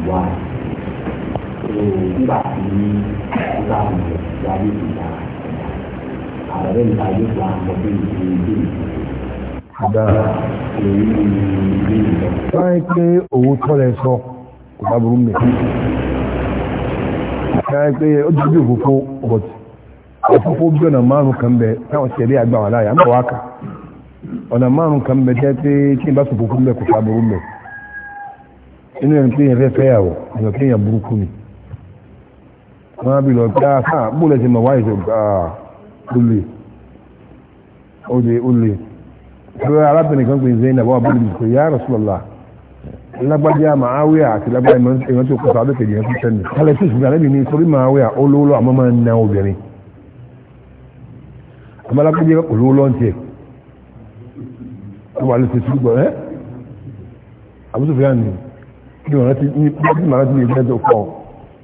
ìwà nígbà tí ó bá wù ú wáyé ìjà àbẹ̀rẹ̀ ìta yóò gba ọdún ìdíje ìdíje ìgbà báyìí pé owó tọ́lẹ̀ sọ kò bá burú mẹ́ báyìí pé ó dúdú òfófó but òfófó bí ọ̀nà márùn kan bẹ táwọn ṣẹ̀rí àgbà wà láyà mọ̀ wákà ọ̀nà márùn kan bẹ jẹ́ pé kí n bá sọ òfófó mẹ́ kò bá burú mẹ́ inú ẹni pé yẹn fẹ́ fẹ́ yàwó èèyàn pé yẹn burúkú ni wọ́n á bí lọ gbá káà ah, bó lẹ́sìn mọ̀ wáyé ṣe gbà ó lè lórí arábìnrin kan pé zainab wà bọ́ọ̀lù bìkọ́ ya Rasulullah lágbájá Muawiya àti lágbájá ìmọ̀ tó kọsà àdókè yẹn fún sẹ́ni kálẹ̀ alẹ́bí ni sórí Muawiya olóòlò àmọ́ máa ń na obìnrin àmọ́ olóòlò ń tiẹ̀ wà lóṣèṣú gbọ́ ẹ́ àbúṣòfin àná kí wọ́n rántí ní bí màá rántí ní ìgbẹ́ tó kọ́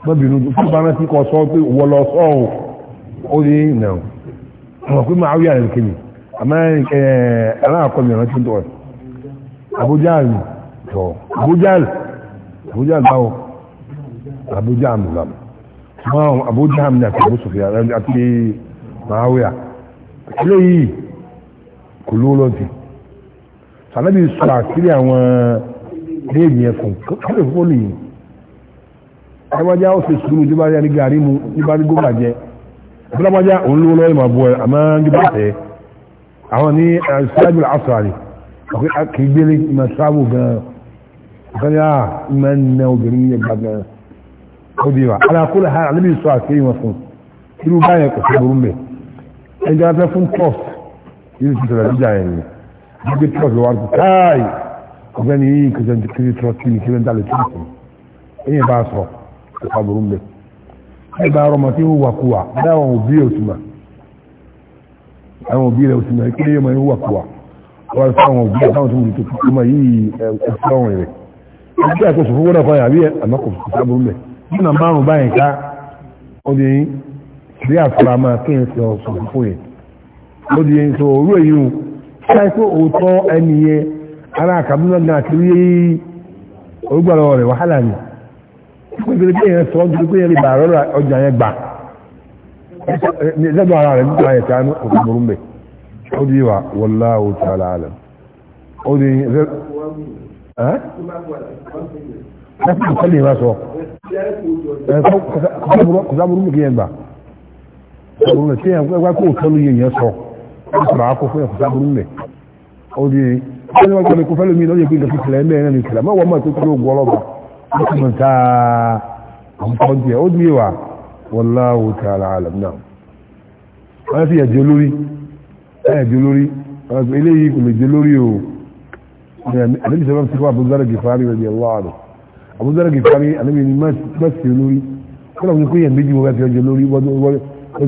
mọ́bìnú tó bá rántí kọ́ sọ pé wọ́lọ́ sọ́ọ̀ ó rí nà wọ́n pé Muawiya àrẹ̀ kéde amẹ́ríkẹ́ aláàkọ́mì ọ̀nà tí ó tọ́ abújáàlù tọ́ abújáàlù abújáàlù báwọ̀ abújáàlù lọ́nà máa abújáàlù ní àti àbúsòfin àti máàwíà àkílẹ̀ yìí kò ló lọ́tì sàlẹ́bí sọ àkílẹ̀ àwọn léèmì ẹ̀kùn kọ́lẹ̀ fọ́lì yìí ẹgbẹ́já ó sì sùúrù tí bá rí gàrí mu tí bá rí gómìnà jẹ ìbúlábájá òun ló lọ́ọ́ ìmọ̀ àbúrò àmọ́ ń gbà tẹ́ àwọn ní ṣáájú àṣàrí kìgbélé ma ṣáàbù gan ọ̀kọ́lẹ́ àà ma ń na obìnrin ní ẹgbà gan ó di wa alákólà ha alẹ́bí sọ àṣírí wọn fún irú báyẹ̀ kò sí burú mẹ́ ẹjọ́ afẹ́ fún trust yìí ti sọ̀rọ̀ níjà yẹn ni gbígbé trust lọ́wọ́ àti káàì ọ̀gbẹ́ni yìí kìí sẹ́ni kiri trust yìí sọ kò sí burú mẹ́ tí ó wà kú wa òbí òtún àwọn òbí rẹ̀ òsì mẹ́rin kí lóyún wà kúwà wọ́n sọ àwọn òbí rẹ̀ táwọn tó wùdí tó kú mọ̀ yìí ẹ̀sọ́ rẹ̀ ẹgbẹ́ àkóso fún wọ́n kọ́yà àbí àmọ́kò sábúrú mẹ́ nínà márùn báyìí ká ọdún yìí sí àfúrà máa kí n sọ sọ fún yẹn lóde yẹn sọ òru èyí o ṣáì pé òótọ́ ẹni yẹn ara àkàbúrò náà ti rí lẹ́gbẹ̀ ara rẹ̀ nígbà ayẹta ní òkúrú mẹ́ ó di wà wallahu ta'ala alam ó di rẹ̀ ẹ́kùn kọ́lẹ̀ ìwà sọ kọ́sàbùrú mú kí yẹn gbà kọ́sàbùrú mẹ́ tí yẹn wá kó kọ́lù yẹn yẹn sọ kọ́sàbùrú akọ fún yẹn kọ́sàbùrú mẹ́ ó di ẹni wá gbọ́dọ̀ kó fẹ́lẹ̀ mi lọ́yẹ̀ pé gàfi kìlẹ̀ ẹ̀mẹ́ ẹ̀rẹ́ mi kìlẹ̀ mọ́ wọ́n mọ̀ tó wallahu ta'ala alam náà wọ́n sì ẹ̀jẹ̀ olórí ẹ̀jẹ̀ olórí eléyìí kò lè jẹ́ lórí o àdébí sọ́lá ti fún Abu Dhar Ghifari radiyallahu anhu Abu Dhar Ghifari àdébí ni mẹ́sì olórí kọ́nà wọn kó yẹn méjì wọ́n fẹ́ ọjọ́ lórí wọ́n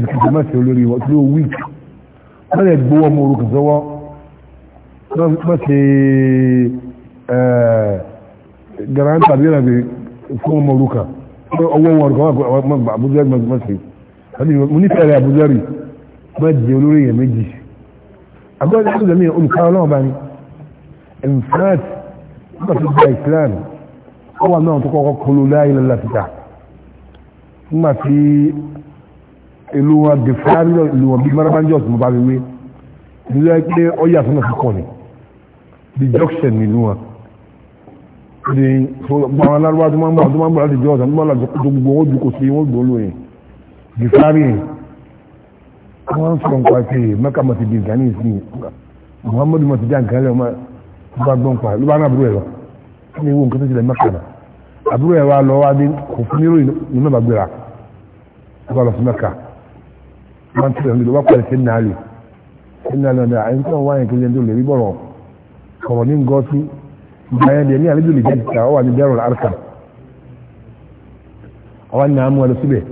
ti kìtì mẹ́sì olórí wọ́n ti ló wíìk wọ́n lè gbowó ọmọ orúkọ sọ́wọ́ eh, ọwọ́ wọn kọ́ abudulayi ma ṣe àti mo nífẹ̀ẹ́ rẹ̀ abudulayi má jẹ olórí yẹn méjì agbọ́dọ̀ abudulayi mi olùkọ́ ọlọ́wọ́ bá ní in fact nígbà tó gba Islam ó wà náà tó kọ́kọ́ kolo láyé lọ́la síta nígbà tí ìlú wọn di fúlàní ìlú wọn bíi marabanjọ́ tó bá fi wé ìlú yẹn pé ó yà fún ọ̀sán kọ́ni the junction ìlú wọn ní gbogbo àwọn alárúbá tó máa ń bọ̀ tó máa ń bọ̀ láti jọ ọ̀sán tó máa ń lọ tó gbogbo wọn jùkọ̀ sí wọn gbòó lóye gifari wọn sọ nǹkan àti mẹ́ka mọ̀tì di nǹkan ní ìsìn muhammadu mọ̀tì já nǹkan lẹ́wọ̀n máa bá gbọ́n pa ló bá ń àbúrò ẹ̀ lọ kí ni ewu nǹkan tó ti lẹ̀ mẹ́ka náà àbúrò ẹ̀ wa lọ wá dé kò fún nírò ní mẹ́ba gbéra ó bá lọ sí mẹ́ka wọn ti rẹ̀ ló bá pẹ̀lẹ́ sí nàálì sí nàálì ọ̀dà àyíkọ́ wáyé kejì ẹni tó lè rí bọ̀rọ̀ kọ̀rọ̀ ní ngọ́sí bayan da yami alidu lijin ta wa ni darul arkan a wannan amuwa da sube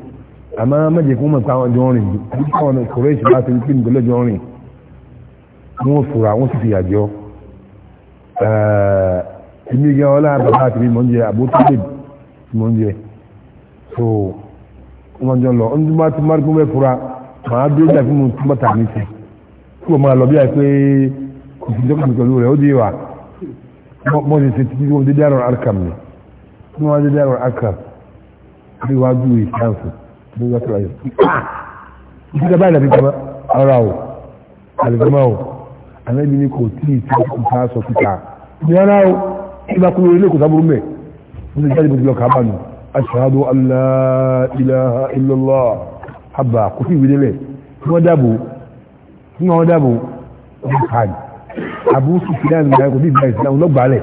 amma maje kuma ta wani jorin duka wani kureshi ba ta rikin gole jorin wọn fura wọn sì fi àjọ ẹ̀ẹ́dì gan ọlá bàbá àti mi mọ̀ ń jẹ àbótálẹ̀ mọ̀ ń jẹ so wọ́n jọ lọ ń dúmọ́ tí márùkún bẹ́ẹ̀ fura màá dé ìjà fún mi tí mọ́ta mi sí kí wọ́n máa lọ bí i pé kò sí jọ́kùnrin pẹ̀lú rẹ̀ mọ́ni ti ti wọ́n dédé àrùn arkam ni ní wọ́n dédé àrùn arkam ní wọ́n adú yìí káàsì ní wọ́n tó ayọ̀ ní ìjọba ìdàbí kama ara o àlùfáà o ànábi ni kò tí ì tí ó kù ká sọ kíkà ní ara o ìgbà kúrò ilé kò sábúrú mẹ́ mo ti jáde mo ti lọ kàá bánu ashhadu an la ilaha kò sí ìwé délẹ̀ tí wọ́n dáàbò tí wọ́n dáàbò wọ́n kàn Abu Sufyan ní ẹ̀kọ́ bí ìbẹ̀rẹ̀ ìsìlámù lọ́gbàálẹ̀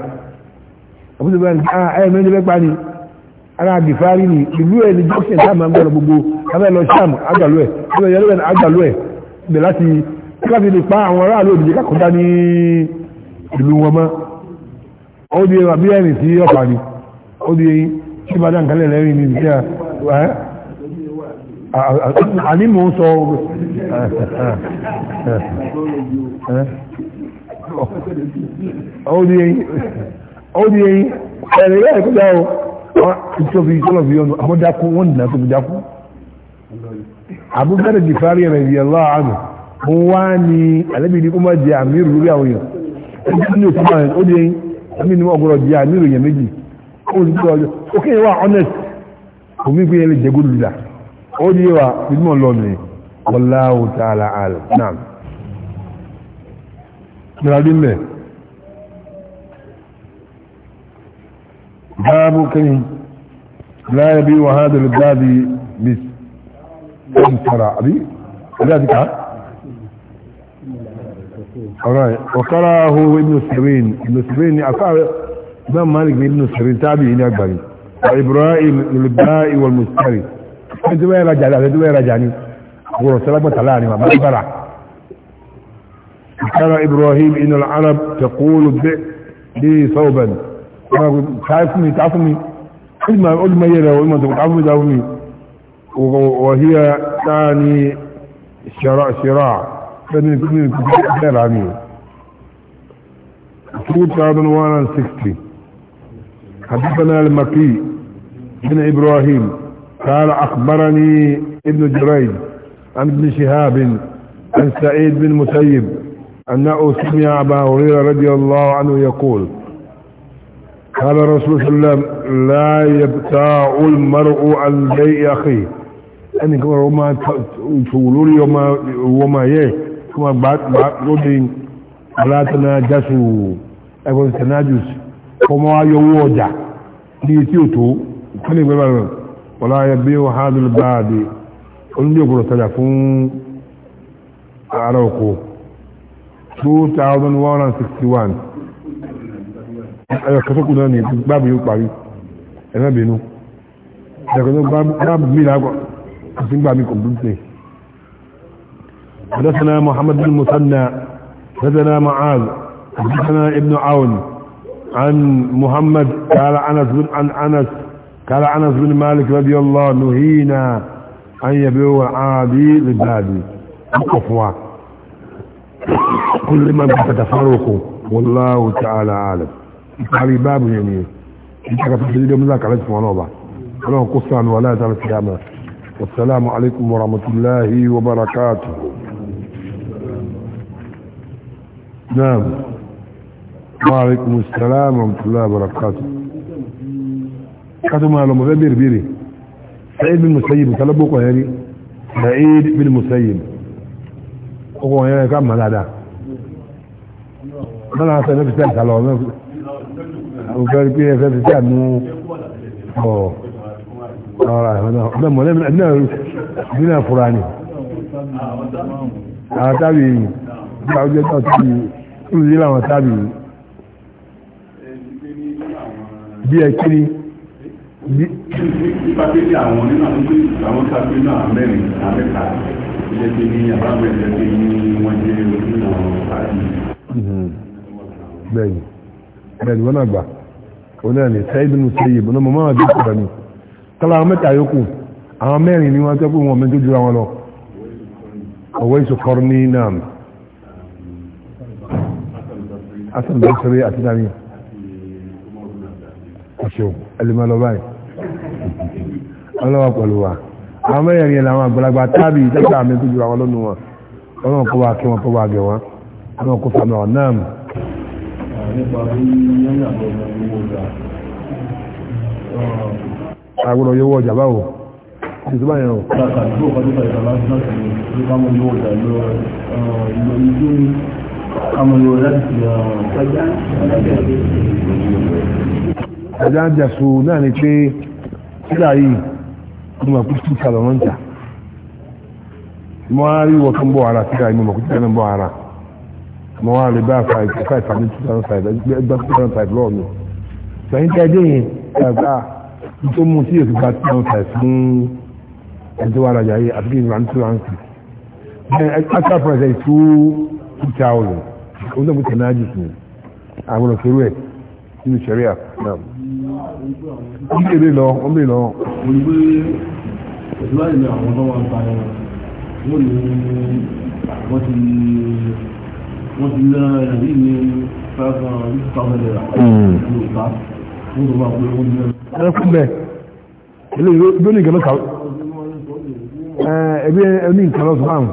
Abu Sufyan ní ẹ̀rọ mẹ́rin bẹ́ẹ̀ pa ni ara àgbèfárí ni ìlú ẹ̀ ní jọ́sìn tá máa ń gbọ́dọ̀ gbogbo abẹ́ lọ Sham àgbàlú ẹ̀ abẹ́ yẹlẹ́ ẹ̀ àgbàlú ẹ̀ ibẹ̀ láti láti lè pa àwọn aráàlú òdìjẹ́ kákọ́dá ní ìlú wọn mọ́ ó di àbí ẹ̀rìn sí ọ̀pá ni ó di ṣé bá dáǹkan lẹ̀ lẹ́rìn ní ìdíjà àní mò ń sọ ọdún yẹn ọdún yẹn ẹ̀rẹ̀ yẹn kó dáa o ìtòfi ìtòlọ́fi yọnu àwọn dákú wọ́n dìnnà tó fi dákú abúgbàdà jìfárí rẹ̀ yẹ lọ́wọ́ àná wọ́n wá ní alẹ́bí ní kó má jẹ àmì ìrúrí àwọn yẹn ẹgbẹ́ ní òkú máa ó dé àmì ní ọgọ́rọ̀ jẹ àmì ìròyìn méjì ó sì tó ọjọ́ ó kéye wá honest omi pé yẹn lè jẹ góòlù dà ó dé wa ìdúmọ̀ lọ́ọ̀mì wallahu ta'ala alam náà gbìyànjú mẹ́ báàbù kí láyé bí wọ́n hádà lè gbáàdì bí ọdún tara àbí ọdún ká ọ̀kára ahó ibn sirin ibn sirin ni afáà ibn malik ibn sirin tábí ilé agbàrí ibrahim ilbáì wal mustari ẹni tó bẹ́ẹ̀ rajà ni àti tó láàrin bàbá bára ترى إبراهيم إن العرب تقول بئ لي ثوبا تعرفني تعرفني كل ما أقول ما يلا تعرفني تعرفني وهي ثاني شراع شراع فمن كل غير عميل 2160 حدثنا المكي بن إبراهيم قال أخبرني ابن جريج عن ابن شهاب عن سعيد بن مسيب أنه سمع أبا هريرة رضي الله عنه يقول قال رسول الله لا يبتاع المرء عن بيع أخيه ẹni kan wọ́n máa ṣòwò lórí ọmọ ayẹ́ tó máa gbà lóde alátana jásù ẹgbọ́n senajus ọmọ ayọwó ọjà ní etí ò tó kílẹ̀ ìgbẹ́bà rẹ̀ wọ́lá ayẹ bí ó hádùn báadé onílé òkúrò tajà fún ara ọkọ̀ حدثنا محمد بن المثنى حدثنا معاذ حدثنا ابن عون عن محمد قال انس بن عن انس قال انس بن مالك رضي الله نهينا ان يبيع عادي للبادي وقفوا كل ما تتفرقوا والله تعالى عالم علي باب يمين انت كفت اليوم ذاك عليك ونوبة ولو قصة عن ولاية على السلامة والسلام عليكم ورحمة الله وبركاته نعم وعليكم السلام ورحمة الله وبركاته كاتو ما لما غير بيري سعيد بن مسيب كلبوكو هاري سعيد بن مسيب ọkọ̀ wọn yẹn ká mọ̀ dáadáa náà náà sẹ́ni fìtẹ́ àtàlọ́ ọ̀fẹ́ pé ẹ̀fẹ́ fìtẹ́ àmú ọ̀ ọ̀rọ̀ ọ̀dọ́ mọ̀ náà bí náà fura ni àwọn tábì yìí bí àwọn jẹ́ tábì yìí olùdí làwọn tábì yìí bí ẹ kiri bí. nípa àwọn nínú àwọn tábì náà mẹ́rin àmẹ́ta ilé pé ní àbámẹ́ ilé pé ní wọ́n jẹ́ onímọ̀ àti. Mhm. bẹ́ẹ̀ni bẹ́ẹ̀ni wọn àgbà oní ẹni sẹyìn nínú sẹyìn bọ náà mọ máa dé àwọn mẹ́ta yòókù àwọn mẹ́rin ni wọn tẹ pé wọn mẹjọ jura wọn lọ ọwọ ìṣòkọrọ ní náà asan bẹsẹrẹ àti dání ọṣọ ẹlẹmọlọba yìí ọlọwà pẹ̀lú wa àwọn mẹ́rin ẹ̀rìn àwọn àgbàlagbà tábì ìjọba àmì tó jùlọ àwọn lónìí wọn ọlọ́run kó wá kí wọn kó wá gẹ̀ wọn ọlọ́run kó sàmì ọ̀ náà. àgbọ̀dọ̀ yóò wọ ọjà báwo ìṣèjọba yẹn o. ọjà ń jàsùn náà ni pé sílá yìí ní ma kú sí ìkàlọ̀ wọn jà mo á rí wọ́n tó ń bọ̀ ara síra ẹni mo kú síra ẹni bọ̀ ara mo á lè bá àfà ìfà ìfà ní two thousand five ẹgbẹ́ two thousand five lọ́ọ̀ mi sẹ́yìn tí a dé yẹn ẹ̀ka tó mú sí èsì gba two thousand five fún ẹjọ́ wa rajà yìí àti kí n ra ní two thousand six then extra price is two two thousand ó ń dẹ́gbẹ̀tẹ̀ náà jù sí àwọn òṣèré ẹ̀ nínú òun gbé ìlú àìlè àwọn ọmọ wa ba ẹran wọn ní wọn ti wọn ti lé ẹran yìí ní five hundred thousand naira ní ìta wọn tó máa pé wọn ní ẹran. ẹ fún bẹ́ẹ̀ ilé ìwé bí ó ní ìkẹlẹ kàwé ẹbí ẹni ìkẹlẹ sọ àwọn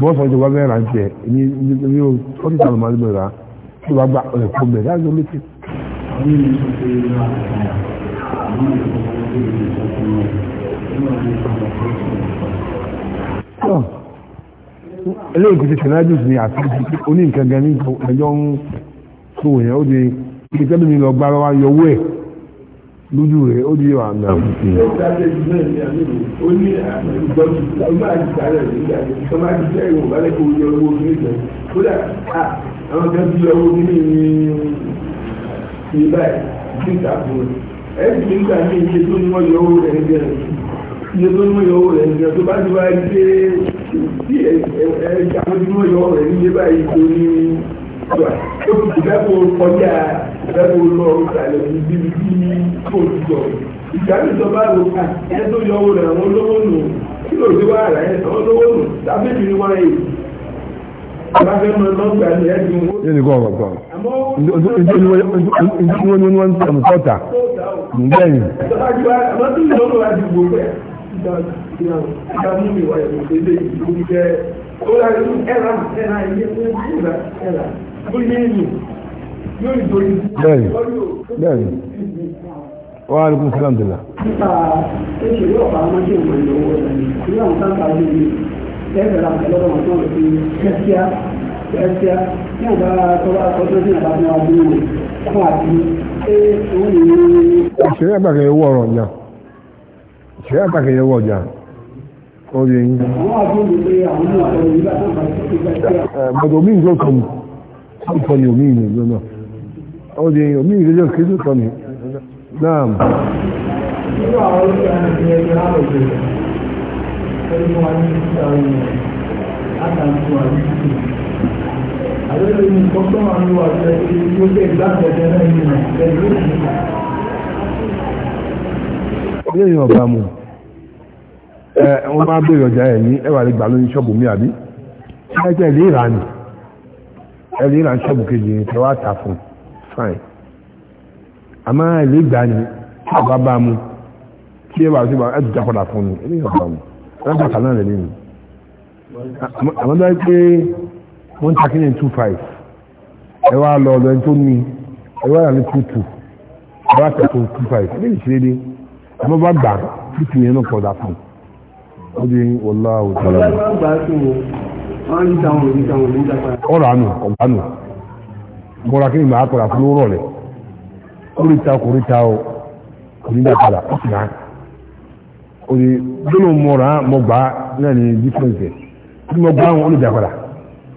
bọ́ọ̀sì ọjọ́ wa bẹ́ẹ̀ rà ń tiẹ̀ ní ní o forty thousand máa ń bẹ̀rẹ̀ rà tó bá gba ẹ̀kọ́ bẹ̀rẹ̀ láti ọ létí. eléyìí kò ti tẹ̀lájú sí àtúntò oní nǹkan gan ní ẹjọ́ ń tó yẹn ó di ibi tẹ́lẹ̀ mi lọ gbá ẹ̀ lójú rẹ̀ ó di àbùkù. kan ìtàkùn ẹ̀sìn nígbà ní iye tó ní wọ́n yọwọ́ rẹ̀ ń jẹ́ iye tó ní wọ́n yọwọ́ rẹ̀ ń jẹ́ tó bá ti wá rí pé tí ẹ̀ẹ́dì àwọn tí wọ́n yọwọ́ rẹ̀ ń jẹ́ báyìí tó ní tó fi ìfẹ́kọ̀ kọjá ìfẹ́kọ̀ lọ ìsàlẹ̀ níbi tí kò sọ ìgbàlùsọ bá lò ká ẹ tó yọwọ́ rẹ̀ àwọn olówó nù kí ló dé wá rà ẹ̀ àwọn olówó nù tàbí Yẹ́nì kọ́ ọ̀rọ̀ kan. Ìjọ́ ni wọ́n ń sọ̀tà ǹgbẹ́yìn. bẹ́ẹ̀ni bẹ́ẹ̀ni wàá rí kún sílám dìlà. nípa ìṣèlú ọ̀pá ọmọdé ìmọ̀ ìlú owó ìlú àwọn sáńtà ọdún yìí lẹ́gbẹ̀rẹ̀ àwọn ẹlọ́rọ̀ ọ̀tún ọ̀rọ̀ sí kẹ́síà ẹ̀ṣẹ̀ ní àbá tọ́lá tọ́jú ní àbá ní ọdún rẹ̀ fún àti ṣé òun ní. ìṣẹ̀lẹ̀ àgbàkẹ́ owó ọ̀rọ̀ ọ̀jà ìṣẹ̀lẹ̀ àgbàkẹ́ owó ọ̀jà ó yín. àwọn àbúrò pé àwọn ọmọ àtọ́jú nígbà tó ń bá ṣe é gbàgbé. bọ̀dọ̀ omi nǹkan kan ó kọ́ ni omi ó yẹ yín omi ìlú lọ́nà kí ló kọ́ náà. nínú àwọn oúnjẹ àti ẹgbẹ́ àròjọ ẹni wọn ní ìta ọ̀yàn látàkùn àdúgbò àlejò ní ìkọ́kọ́ àwọn ìwà ìṣẹ́ tí ó jẹ́ ìgbàgbẹ̀jẹ̀ náà ní nàìjíríà. ilé yìí ọ̀gá mu ẹ wọ́n máa bèèrè ọjà ẹ̀ ní ẹwà lè gbà lórí ṣọ́ọ̀bù mi àbí ẹ̀jẹ̀ ilé ìlànà ẹ̀lẹ́ ìlànà ṣọ́ọ̀bù kejì ní tẹ́wọ́ àtà fún fine àmọ́ ilé ìgbà ni ọba bá mu kí ẹwà sí wa ẹ̀dùn jákọ̀dà fún mi ilé ìgbà mu ẹ̀dùn jákọ̀dà náà lẹ́ wọ́n thirty nine two five ẹ wá lọ ẹni tó ní ẹ wá two two ẹ wá tẹ̀sán two five ẹ lè dé ẹ bá gbà two yẹn náà kọ̀ dà fún ó di wọlá òtún. ọ̀la ìgbà gbà ọ̀rọ̀ mọ̀ra kí ni màá fún rẹ̀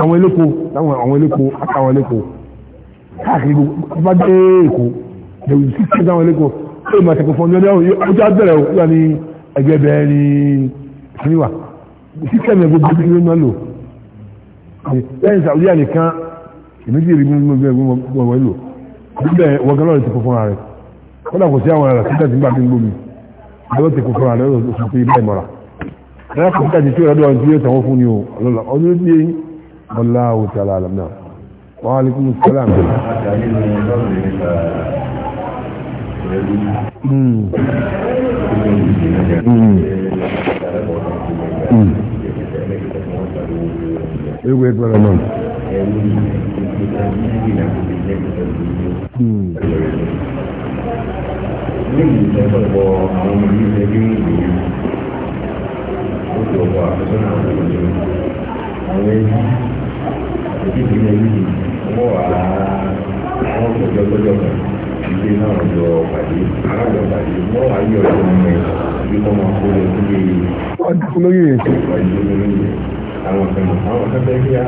àwọn eléko láwọn àwọn eléko àtàwọn eléko káàkiri bá dé èkó lèwì sí sí àwọn eléko tó ìmọ̀ àtẹ̀kọ̀ fún ọjọ́ ọjọ́ abẹ́rẹ́ òkúta ní ẹgbẹ́ bẹ́ẹ̀ ní síníwà sí kẹ́mi ẹgbẹ́ bí wọ́n máa lò lẹ́yìn sàwùdí ànìkan ìmíjì rí mú mú bẹ́ẹ̀ wọ́n wọ́n lò níbẹ̀ wọ́n gan lọ́rọ̀ ti fún ara rẹ̀ wọ́n dà kò sí àwọn ará tí ń bá fi والله تعالى اعلم نعم وعليكم السلام امم ايه اكبر امام Thank you ìdí ní ẹ̀yìn wọ́n wà á wọ́n tọ́jọ́ tọ́jọ́ kan ilé náà lọ pàdé aráàlú pàdé wọ́n wà á yọ ọdún bí wọ́n máa kó lọ sílé ọdún lóye àwọn kan àwọn kan bẹ́ẹ̀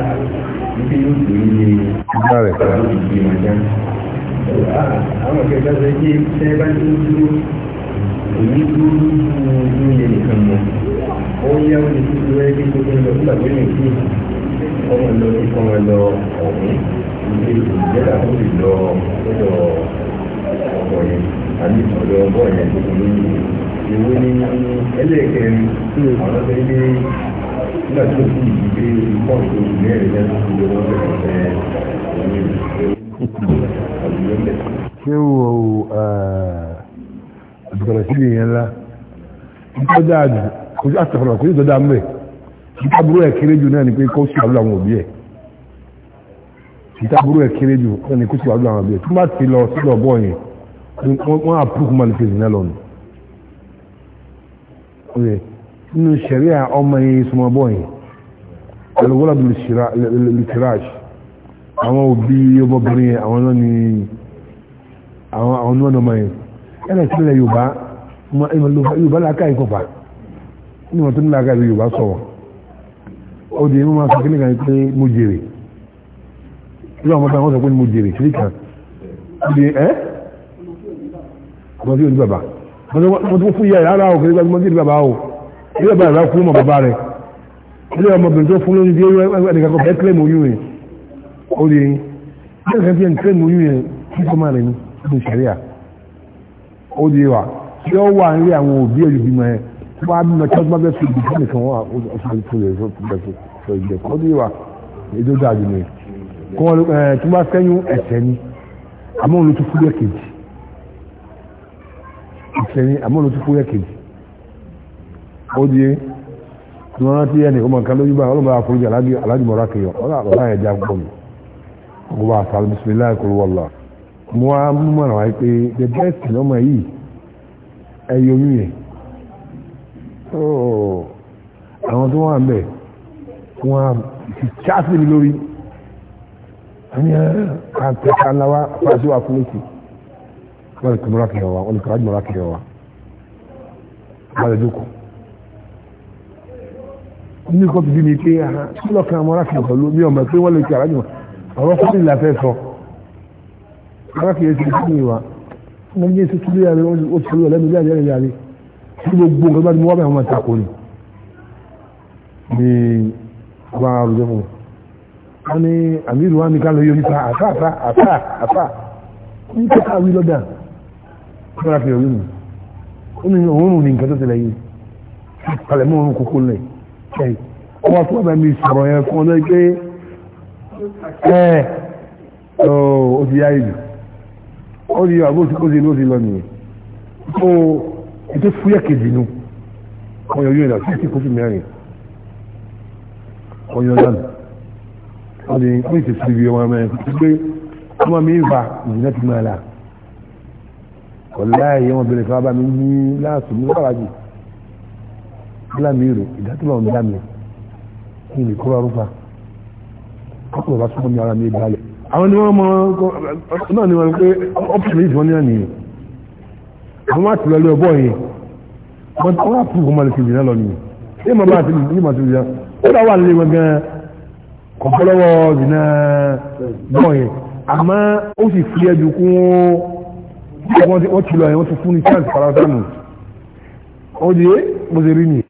bí ibi yóò tó ní ilé rẹ̀ pẹ̀lú ìdí màjá àwọn kẹta bẹ́ẹ̀ bí ṣẹ́ bá ti ń dúró èyí dúró ní ilé nìkan mọ́ ó yẹ kó ti dúró ẹbí tó ń lọ sí àgbẹ̀yìn kí ọmọ lọ sí kọ́ wọn lọ ọ̀hún ilé ìjẹ́lá tó lè lọ lọ́dọ̀ ọ̀pọ̀ yẹn àbí ọ̀dọ̀ ọgbọ́ yẹn tó kù lórí ìwé ní ẹlẹ́ẹ̀kẹrin àwọn tó ní nígbà tó kù ìgbé pọ̀ tó mẹ́rin lẹ́nu tó lọ́wọ́ bẹ̀rẹ̀ ṣé o àbùkọ̀rọ̀ sí ìyẹn ńlá ń tọ́jà àjù kò sí àtàkùnrin kò sí ìtọ́jà mẹ́rin ìtàbúrò ẹ̀ kéré jù náà ni pé kó sì wàlú àwọn òbí ẹ̀ ìtàbúrò ẹ̀ kéré jù náà ni kó sì wàlú àwọn òbí ẹ̀ tó bá ti lọ sílọ̀ bọ́ yẹn wọ́n àpúrúkú máa lè fi ìsìn náà lọ nù. nínú sẹ̀ríà ọmọ yẹn súnmọ́ bọ́ yẹn alùpùpù làbí lìtìráàṣì àwọn òbí ọmọbìnrin yẹn àwọn náà ni àwọn náà nọmọ yẹn ẹ̀rọ ìtìlẹ̀ yorùbá yorùbá làákà ìkọ̀fà nínú ọ̀tún làákà yorùbá sọ̀rọ̀ ọdún yìí mo máa sọ kí nìkan pé mo jèrè ilé ọmọ táwọn sọ pé mo jèrè kí nìkan ọdún yìí ẹ́ ọmọ tí yóò ní bàbá mo tún fún ìyá rẹ̀ ara òkè nígbàgbọ́n tí ní bàbá o ilé bàbá rẹ̀ fún ọmọ bàbá rẹ̀ ilé ọmọbìnrin tó fún lóyún bí ẹnìkan kò fẹ́ kílẹ̀mù oyún rẹ̀ ọdún yìí ẹnìkan fi ẹnì kílẹ̀mù oyún rẹ̀ kí kọ́ máa rẹ̀ ní ọdún ìṣẹ̀ríà ọdún yìí tí ó wà nílé àwọn òbí ẹ̀ wọ́n á bí mọ̀ tọ́gbọ́n bẹ́ẹ̀ fi ìdíjú nìkan wọ́n ọ̀sán tó lè sọ ìjẹ́ kọ́ bí wà èdè ó dàbí ni kí wọ́n tó bá sẹ́yìn ẹ̀sẹ̀ ni àmọ́ òun ló tún fúyẹ́ kejì ẹ̀sẹ̀ ni àmọ́ òun ló tún fúyẹ́ kejì ó di é tí wọ́n rántí ẹni ọmọ nǹkan lójú báyìí ọlọ́mọdé àforíjì alájùmọ̀ra kẹyọ ọlọ́mọdé ẹ̀já gbọ́ mi ọgbà àtàlù bisimilayi kúrú wọlọ mo á mú mọ̀ràn wáyé de the best ọmọ yìí ẹ̀yọ oyún yẹn Oh, àwọn tó wà ń bẹ̀ wọ́n ti cháàsì mi lórí àmì àtẹ̀ká ńlá wa fàṣẹ wà fún èsì wọ́n lè tẹ̀mọ́ra kẹ̀yọ̀ wa wọ́n lè tẹ̀mọ́ra mọ́ra kẹ̀yọ̀ wa wọ́n lè dúkù. ní kọ́ bíbí ni pé sílọ̀ kan mọ́ra kẹ̀yọ̀ pẹ̀lú mi ọ̀mọ̀ pé wọ́n lè kí alájùmọ̀ ọ̀rọ̀ fún mi làfẹ́ sọ. mọ́ra kẹ̀yọ̀ ti fi mi wa wọ́n yé sí túlẹ̀ yàrá ó ti sọ lọ́lẹ́mi bí àjẹ́rẹ̀ yàrá tí gbogbo nǹkan bá ti mú wá bẹ́ẹ̀ wọ́n máa takò ní ní ọba arúgbó fún wọn ní àmìlú wa ní ká lọ yọ nípa àfà àfà àfà àfà ní kẹta wí lọ́dà tí wọ́n fi ọ̀rí nù ó ní òórùn ní nǹkan tó tẹ̀lé yìí kalẹ̀ mọ́ òórùn kókó lẹ̀ ẹ̀ ọwọ́ tó wà bá sọ̀rọ̀ yẹn fún ọdọ́ pé ẹ̀ ó ti yá ìlú ó ní àbóṣe kó ti lọ nìyẹn ètò fúyẹ́ kejì nu ọyọ yóò yàrá fífi kófí mẹ́rin ọyọ yàrá wọ́n di wọ́n ti fi wíwọ́n ọmọ ẹ̀ gbé ọmọ mi va ìjìnlẹ̀ ti máa la ọ̀la ẹ̀yẹ wọn bẹ̀rẹ̀ fún abami ní láàtú ní wàlájì lámìírò ìdátúmọ̀ ń dá mi kí ni kó bá rúfa ọkùnrin bá súnmọ́ mi ara mi balẹ̀ àwọn ni wọ́n mọ náà ni wọ́n pé ọ́pùsùn méjì wọ́n ní àná nìyẹn àwọn àtìlọ́lẹ́ ọbọ̀ yìí wọ́n ti wọ́n á fún ọmọ ìkejì náà lọ ni ní ìmọ̀ bá àtìlọ́ ní ìmọ̀ àtìlọ́ yìí ó dá wà lé wọn gan kọ̀pọ̀lọ́wọ́ ìdìnnà bọ̀ yìí àmọ́ ó sì fi ẹ̀dùn kún wọ́n ti lọ yẹn wọ́n ti fún ní chance paracetamol ó di bó ṣe rí nìyí.